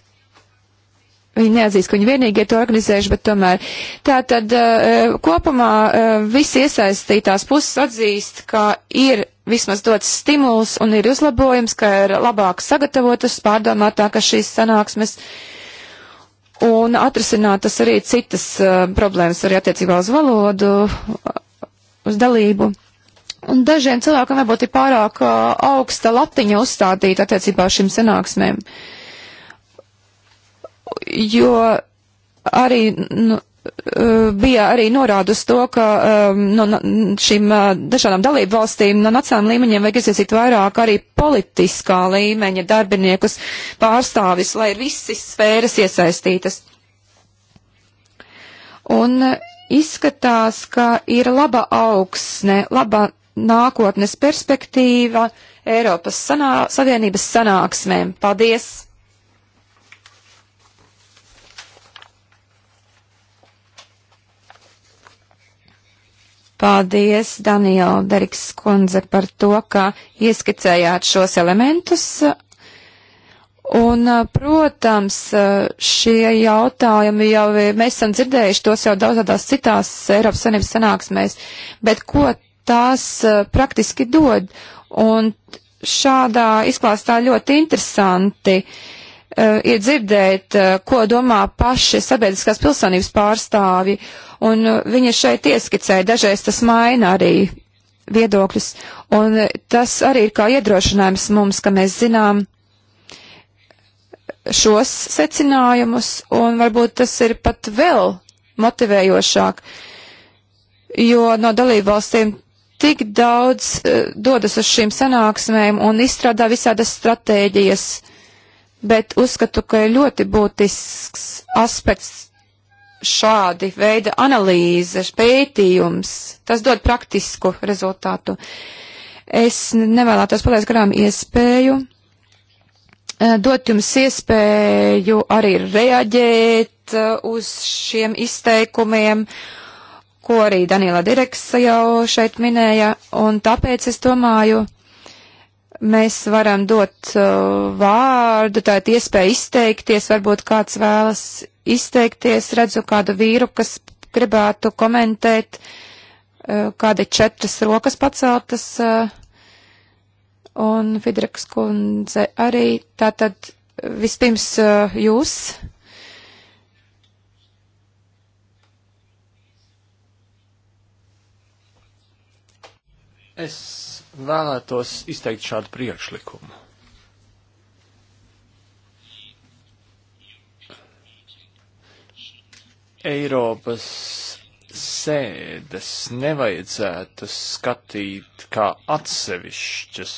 Viņi neatzīst, ka viņi vienīgie to organizējuši, bet tomēr. Tā tad uh, eh, kopumā uh, visi iesaistītās puses atzīst, ka ir vismaz dots stimuls un ir uzlabojums, ka ir labāk sagatavotas, pārdomātākas šīs sanāksmes un atrisinātas arī citas uh, problēmas arī attiecībā uz valodu, uz dalību. Un dažiem cilvēkiem varbūt ir pārāk augsta latiņa uzstādīta attiecībā uz šīm sanāksmēm. Uh, jo arī nu, eh, bija arī norādus to, ka eh, no šīm eh, dažādām dalību valstīm no nacionāliem līmeņiem vajag iesaistīt vairāk arī politiskā līmeņa darbiniekus pārstāvis, lai ir visas sfēras iesaistītas. Un izskatās, ka ir laba augsne, laba nākotnes perspektīva Eiropas sanā, Savienības sanāksmēm. Paldies! Paldies, Daniela Deriks kundze, par to, ka ieskicējāt šos elementus. Un, protams, šie jautājumi jau mēs esam dzirdējuši tos jau daudzādās citās Eiropas Savienības sanāksmēs, bet ko tās praktiski dod? Un šādā izklāstā ļoti interesanti uh, ir dzirdēt, uh, ko domā paši sabiedriskās pilsonības pārstāvji. Uh, un uh, viņa šeit ieskicēja, dažreiz tas maina arī viedokļus, un uh, tas arī ir kā iedrošinājums mums, ka mēs zinām šos secinājumus, un varbūt tas ir pat vēl motivējošāk, jo no dalībvalstīm tik daudz uh, dodas uz šīm sanāksmēm un izstrādā visādas stratēģijas, bet uzskatu, ka ir ļoti būtisks aspekts šādi veida analīze, pētījums, tas dod praktisku rezultātu. Es nevēlētos palaist garām iespēju eh, dot jums iespēju arī reaģēt eh, uz šiem izteikumiem, ko arī Daniela Direksa jau šeit minēja, un tāpēc es domāju, mēs varam dot eh, vārdu, tā ir iespēja izteikties, varbūt kāds vēlas izteikties, redzu kādu vīru, kas gribētu komentēt, e, kādi četras rokas paceltas, e, un Fidreks kundze arī. Tātad vispirms e, jūs. Es vēlētos izteikt šādu priekšlikumu. Eiropas sēdes nevajadzētu skatīt kā atsevišķas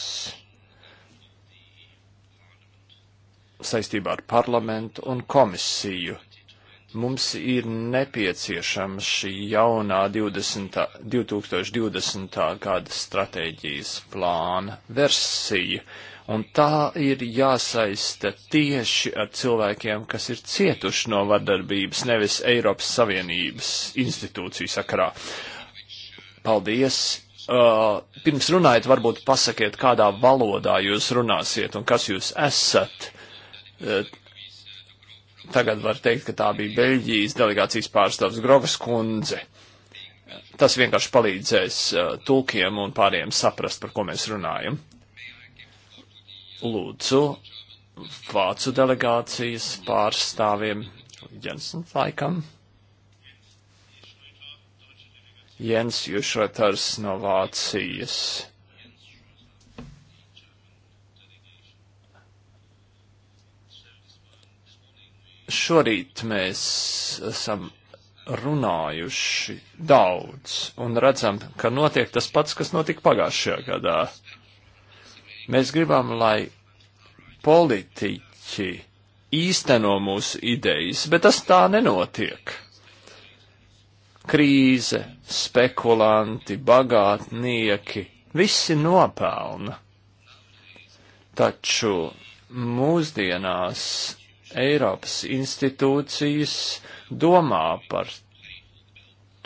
saistībā ar parlamentu un komisiju. Mums ir nepieciešama šī jaunā 20, 2020. gada stratēģijas plāna versija, un tā ir jāsaista tieši ar cilvēkiem, kas ir cietuši no vardarbības, nevis Eiropas Savienības institūciju sakarā. Paldies! Uh, pirms runājat, varbūt pasakiet, kādā valodā jūs runāsiet un kas jūs esat. Uh, tagad var teikt, ka tā bija Beļģijas delegācijas pārstāvs Grogas kundze. Tas vienkārši palīdzēs uh, tulkiem un pārējiem saprast, par ko mēs runājam lūdzu Vācu delegācijas pārstāvim Jensen Laikam. Jens Jušratars no Vācijas. Šorīt mēs esam runājuši daudz un redzam, ka notiek tas pats, kas notika pagājušajā gadā. Mēs gribam, lai politiķi īsteno mūsu idejas, bet tas tā nenotiek. Krīze, spekulanti, bagātnieki, visi nopelna. Taču mūsdienās Eiropas institūcijas domā par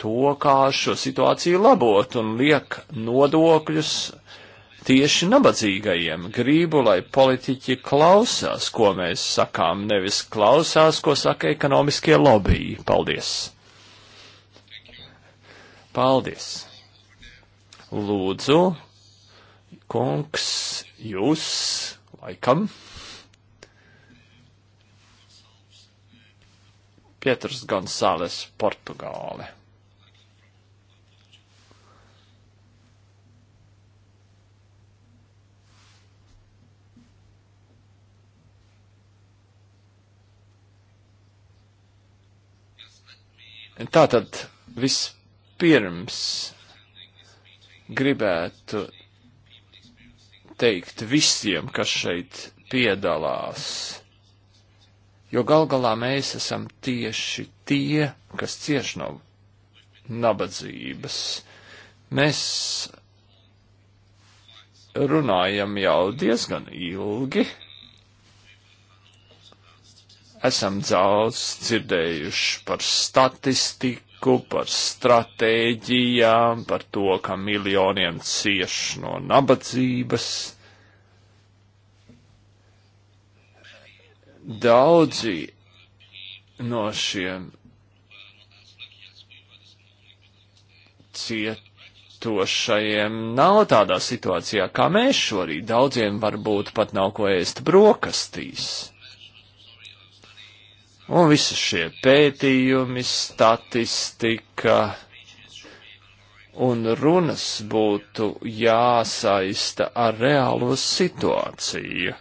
to, kā šo situāciju labot un liek nodokļus tieši nabadzīgajiem. Gribu, lai politiķi klausās, ko mēs sakām, nevis klausās, ko saka ekonomiskie lobby. Paldies! Paldies! Lūdzu, kungs, jūs laikam. Pietrs Gonzāles, Portugāle. Tātad vispirms gribētu teikt visiem, kas šeit piedalās, jo gal galā mēs esam tieši tie, kas cieš no nabadzības. Mēs runājam jau diezgan ilgi esam daudz dzirdējuši par statistiku, par stratēģijām, par to, ka miljoniem cieš no nabadzības. Daudzi no šiem cietošajiem nav tādā situācijā kā mēs šorīt. Daudziem varbūt pat nav ko ēst brokastīs. Un visi šie pētījumi, statistika un runas būtu jāsaista ar reālo situāciju.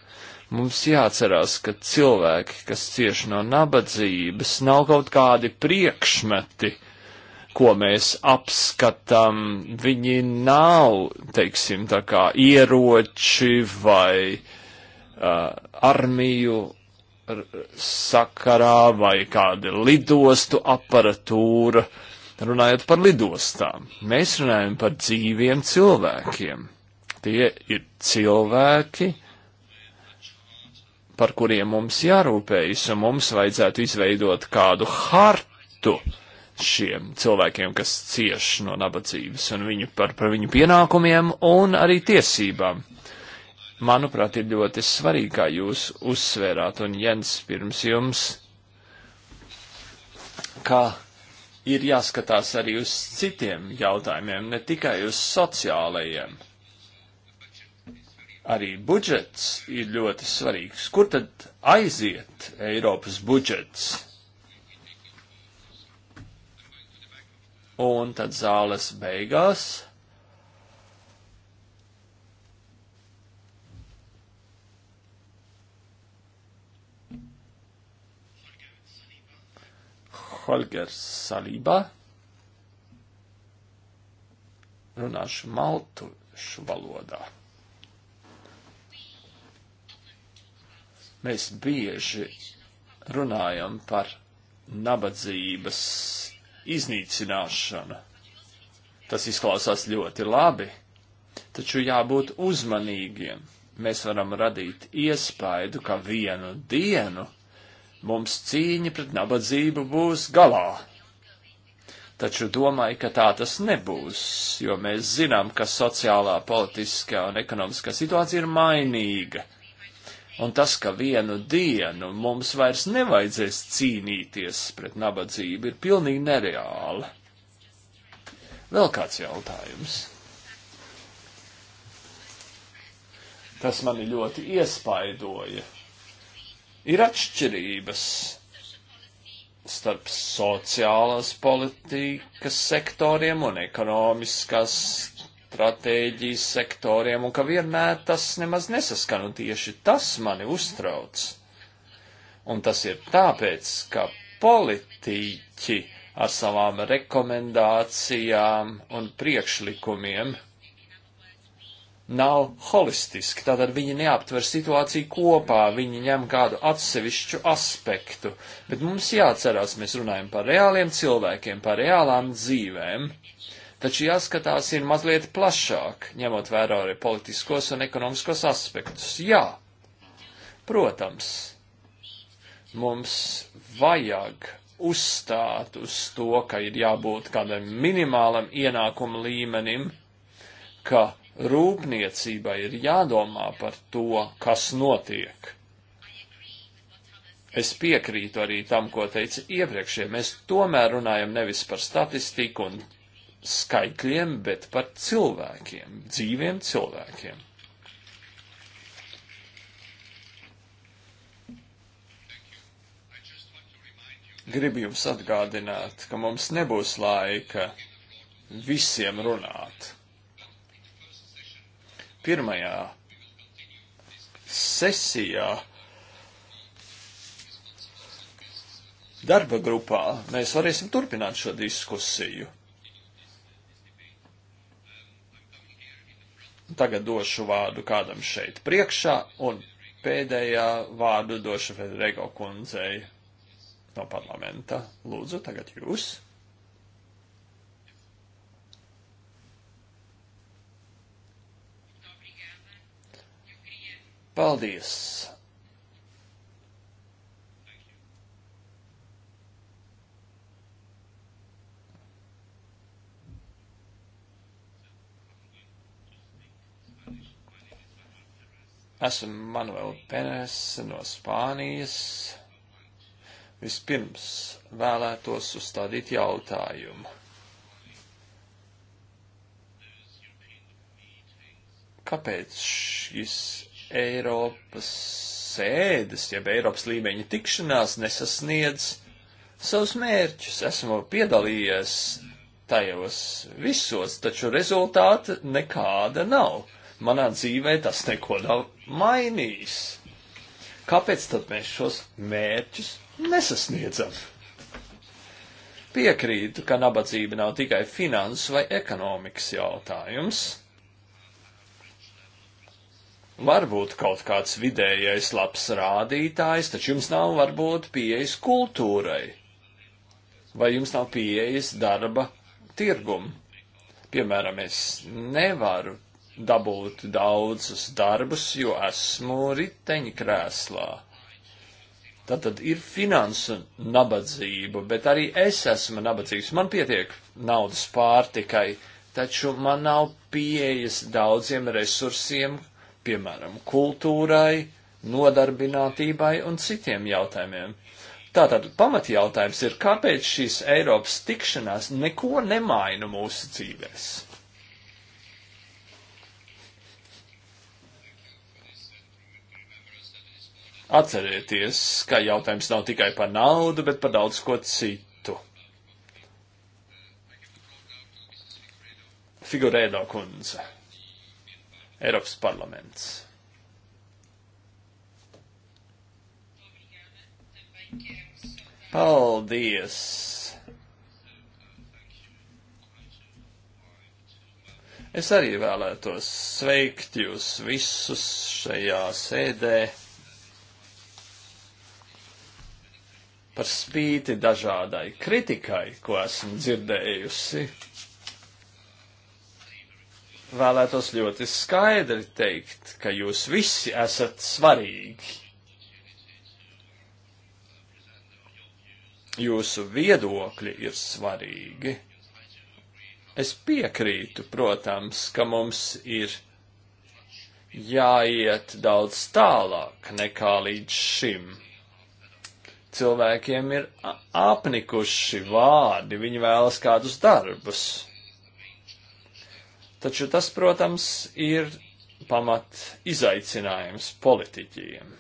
Mums jāatcerās, ka cilvēki, kas cieši no nabadzības, nav kaut kādi priekšmeti, ko mēs apskatām, viņi nav, teiksim, tā kā ieroči vai uh, armiju sakarā vai kāda lidostu aparatūra, runājot par lidostām. Mēs runājam par dzīviem cilvēkiem. Tie ir cilvēki, par kuriem mums jārūpējas, un mums vajadzētu izveidot kādu hartu šiem cilvēkiem, kas cieš no nabadzības, un viņu par, par viņu pienākumiem un arī tiesībām manuprāt, ir ļoti svarīgi, kā jūs uzsvērāt, un Jens pirms jums, kā ir jāskatās arī uz citiem jautājumiem, ne tikai uz sociālajiem. Arī budžets ir ļoti svarīgs. Kur tad aiziet Eiropas budžets? Un tad zāles beigās Holger Salība. Runāšu maltušu valodā. Mēs bieži runājam par nabadzības iznīcināšanu. Tas izklausās ļoti labi, taču jābūt uzmanīgiem. Mēs varam radīt iespaidu, ka vienu dienu mums cīņa pret nabadzību būs galā. Taču domāju, ka tā tas nebūs, jo mēs zinām, ka sociālā, politiskā un ekonomiskā situācija ir mainīga. Un tas, ka vienu dienu mums vairs nevajadzēs cīnīties pret nabadzību, ir pilnīgi nereāli. Vēl kāds jautājums. Tas mani ļoti iespaidoja Ir atšķirības starp sociālās politikas sektoriem un ekonomiskās stratēģijas sektoriem, un ka vienmēr tas nemaz nesaskan, un tieši tas mani uztrauc. Un tas ir tāpēc, ka politiķi ar savām rekomendācijām un priekšlikumiem nav holistiski, tātad viņi neaptver situāciju kopā, viņi ņem kādu atsevišķu aspektu, bet mums jāatcerās, mēs runājam par reāliem cilvēkiem, par reālām dzīvēm, taču jāskatās ir mazliet plašāk, ņemot vērā arī politiskos un ekonomiskos aspektus. Jā, protams, mums vajag uzstāt uz to, ka ir jābūt kādam minimālam ienākuma līmenim, ka rūpniecībai ir jādomā par to, kas notiek. Es piekrītu arī tam, ko teica iepriekšējie. Mēs tomēr runājam nevis par statistiku un skaitļiem, bet par cilvēkiem, dzīviem cilvēkiem. Gribu jums atgādināt, ka mums nebūs laika visiem runāt pirmajā sesijā darba grupā mēs varēsim turpināt šo diskusiju. Tagad došu vārdu kādam šeit priekšā un pēdējā vārdu došu Federego kundzei no parlamenta. Lūdzu, tagad jūs. Paldies! Esmu Manuel Penes no Spānijas. Vispirms vēlētos uzstādīt jautājumu. Kāpēc šis Eiropas sēdes, jeb Eiropas līmeņa tikšanās nesasniedz savus mērķus. Esmu piedalījies tajos visos, taču rezultāta nekāda nav. Manā dzīvē tas neko nav mainījis. Kāpēc tad mēs šos mērķus nesasniedzam? Piekrītu, ka nabadzība nav tikai finanses vai ekonomikas jautājums varbūt kaut kāds vidējais labs rādītājs, taču jums nav varbūt pieejas kultūrai, vai jums nav pieejas darba tirgum. Piemēram, es nevaru dabūt daudzus darbus, jo esmu riteņkrēslā. Tātad ir finansu nabadzība, bet arī es esmu nabadzīgs. Man pietiek naudas pārtikai, taču man nav pieejas daudziem resursiem, piemēram, kultūrai, nodarbinātībai un citiem jautājumiem. Tātad pamatjautājums ir, kāpēc šīs Eiropas tikšanās neko nemaina mūsu dzīvēs? Atcerieties, ka jautājums nav tikai par naudu, bet par daudz ko citu. Figurēdo kundze. Eiropas parlaments. Paldies! Es arī vēlētos sveikt jūs visus šajā sēdē. Par spīti dažādai kritikai, ko esmu dzirdējusi vēlētos ļoti skaidri teikt, ka jūs visi esat svarīgi. Jūsu viedokļi ir svarīgi. Es piekrītu, protams, ka mums ir jāiet daudz tālāk nekā līdz šim. Cilvēkiem ir apnikuši vārdi, viņi vēlas kādus darbus. Taču tas, protams, ir pamat izaicinājums politiķiem.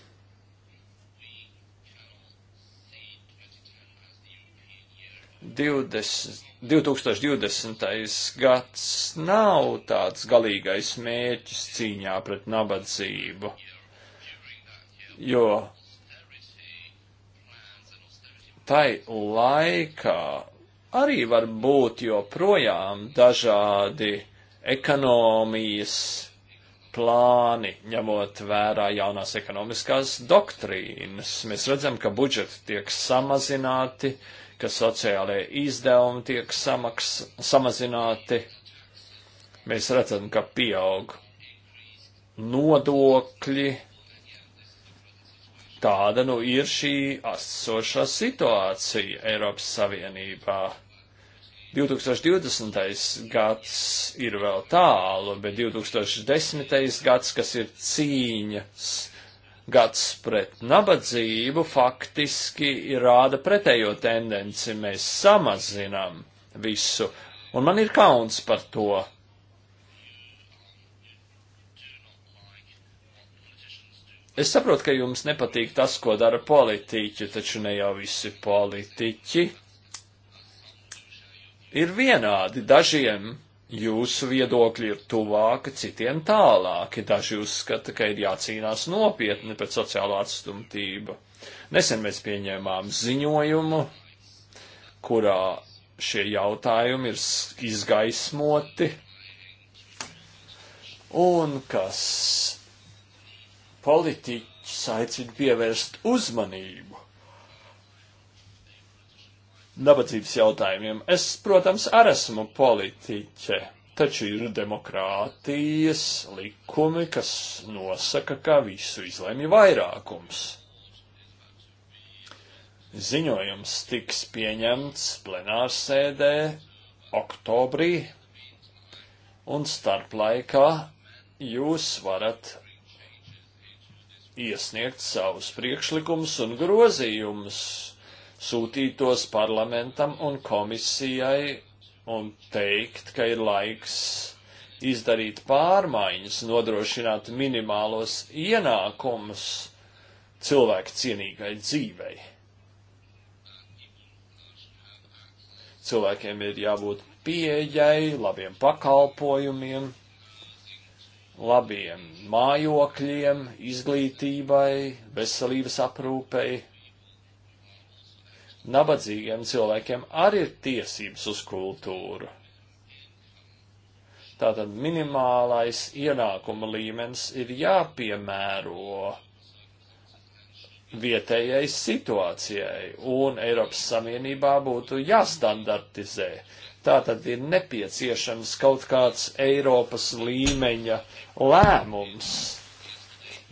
Divdesmit 2020. gads nav tāds galīgais mērķis cīņā pret nabadzību, jo tai laikā arī var būt joprojām dažādi uh, ekonomijas plāni, ņemot vērā jaunās ekonomiskās doktrīnas. Mēs redzam, ka budžeti tiek samazināti, ka sociālajie izdevumi tiek samaks, samazināti. Mēs redzam, ka pieaug nodokļi. Tāda nu ir šī asošā situācija Eiropas Savienībā. 2020. gads ir vēl tālu, bet 2010. gads, kas ir cīņas gads pret nabadzību, faktiski rāda pretējo tendenci. Mēs samazinām visu, un man ir kauns par to. Es saprotu, ka jums nepatīk tas, ko dara politiķi, taču ne jau visi politiķi ir vienādi. Dažiem jūsu viedokļi ir tuvāki, citiem tālāki. Daži uzskata, ka ir jācīnās nopietni pret sociālo atstumtību. Nesen mēs pieņēmām ziņojumu, kurā šie jautājumi ir izgaismoti un kas politiķis aicina pievērst uzmanību nabadzības jautājumiem. Es, protams, arī esmu politiķe, taču ir demokrātijas likumi, kas nosaka, ka visu izlemj vairākums. Ziņojums tiks pieņemts plenārsēdē oktobrī, un starp laikā jūs varat iesniegt savus priekšlikumus un grozījumus sūtītos parlamentam un komisijai un teikt, ka ir laiks izdarīt pārmaiņas, nodrošināt minimālos ienākumus cilvēku cienīgai dzīvei. Cilvēkiem ir jābūt pieejai, labiem pakalpojumiem, labiem mājokļiem, izglītībai, veselības aprūpei nabadzīgiem cilvēkiem arī ir tiesības uz kultūru. Tātad minimālais ienākuma līmenis ir jāpiemēro vietējai situācijai, un Eiropas Savienībā būtu jāstandartizē. Tātad ir nepieciešams kaut kāds Eiropas līmeņa lēmums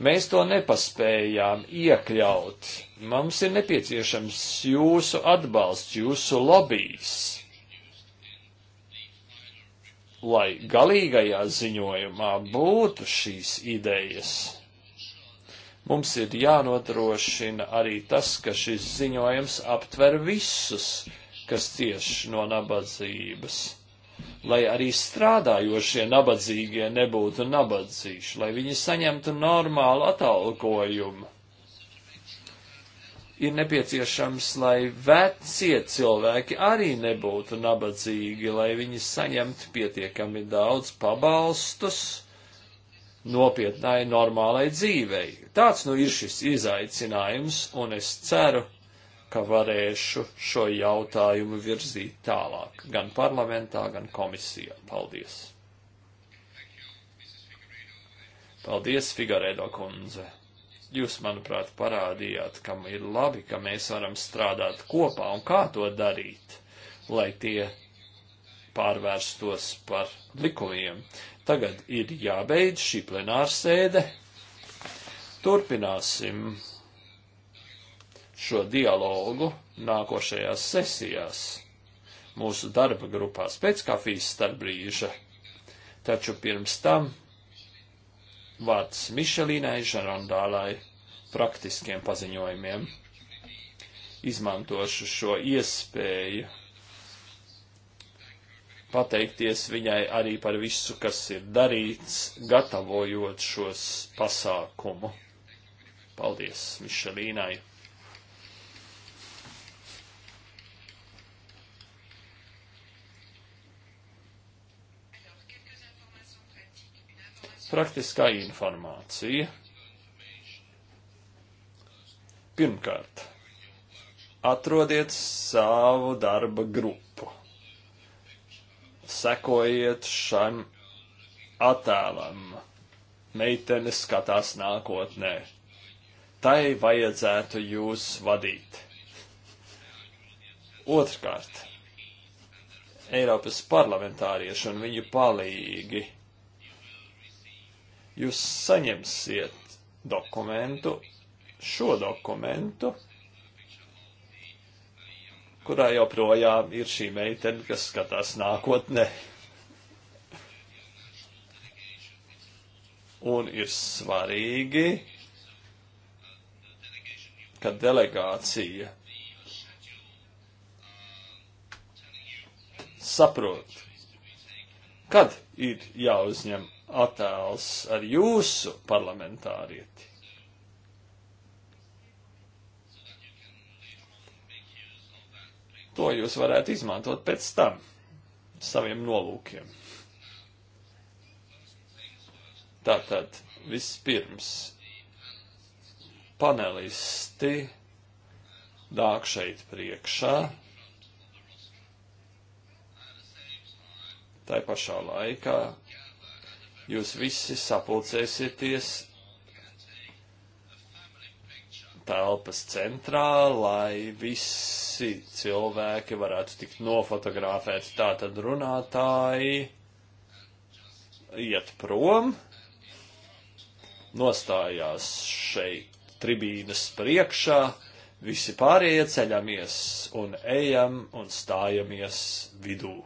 Mēs to nepaspējām iekļaut. Mums ir nepieciešams jūsu atbalsts, jūsu lobijs, lai galīgajā ziņojumā būtu šīs idejas. Mums ir jānodrošina arī tas, ka šis ziņojums aptver visus, kas cieši no nabadzības lai arī strādājošie nabadzīgie nebūtu nabadzīši, lai viņi saņemtu normālu atalgojumu. Ir nepieciešams, lai vecie cilvēki arī nebūtu nabadzīgi, lai viņi saņemtu pietiekami daudz pabalstus nopietnai, normālai dzīvei. Tāds nu ir šis izaicinājums, un es ceru, ka varēšu šo jautājumu virzīt tālāk, gan parlamentā, gan komisijā. Paldies! Paldies, Figaredo kundze! Jūs, manuprāt, parādījāt, ka ir labi, ka mēs varam strādāt kopā un kā to darīt, lai tie pārvērstos par likumiem. Tagad ir jābeidz šī plenārsēde. Turpināsim šo dialogu nākošajās sesijās, mūsu darba grupās pēc kafijas starp brīža. Taču pirms tam vārds Mišelīnai Žarandālai praktiskiem paziņojumiem. Izmantošu šo iespēju pateikties viņai arī par visu, kas ir darīts, gatavojot šos pasākumu. Paldies Mišelīnai! Praktiskā informācija. Pirmkārt, atrodiet savu darba grupu. Sekojiet šam attēlam. Meitene skatās nākotnē. Tai vajadzētu jūs vadīt. Otrkārt, Eiropas parlamentārieši un viņu palīgi Jūs saņemsiet dokumentu, šo dokumentu, kurā joprojām ir šī meitene, kas skatās nākotnē. Un ir svarīgi, ka delegācija saprot, kad ir jāuzņem attēls ar jūsu parlamentārieti. To jūs varētu izmantot pēc tam saviem nolūkiem. Tātad vispirms panelisti nāk šeit priekšā. Tā pašā laikā jūs visi sapulcēsieties telpas centrā, lai visi cilvēki varētu tikt nofotografēti. Tātad runātāji iet prom, nostājās šeit tribīnas priekšā, visi pārējie ceļamies un ejam un stājamies vidū.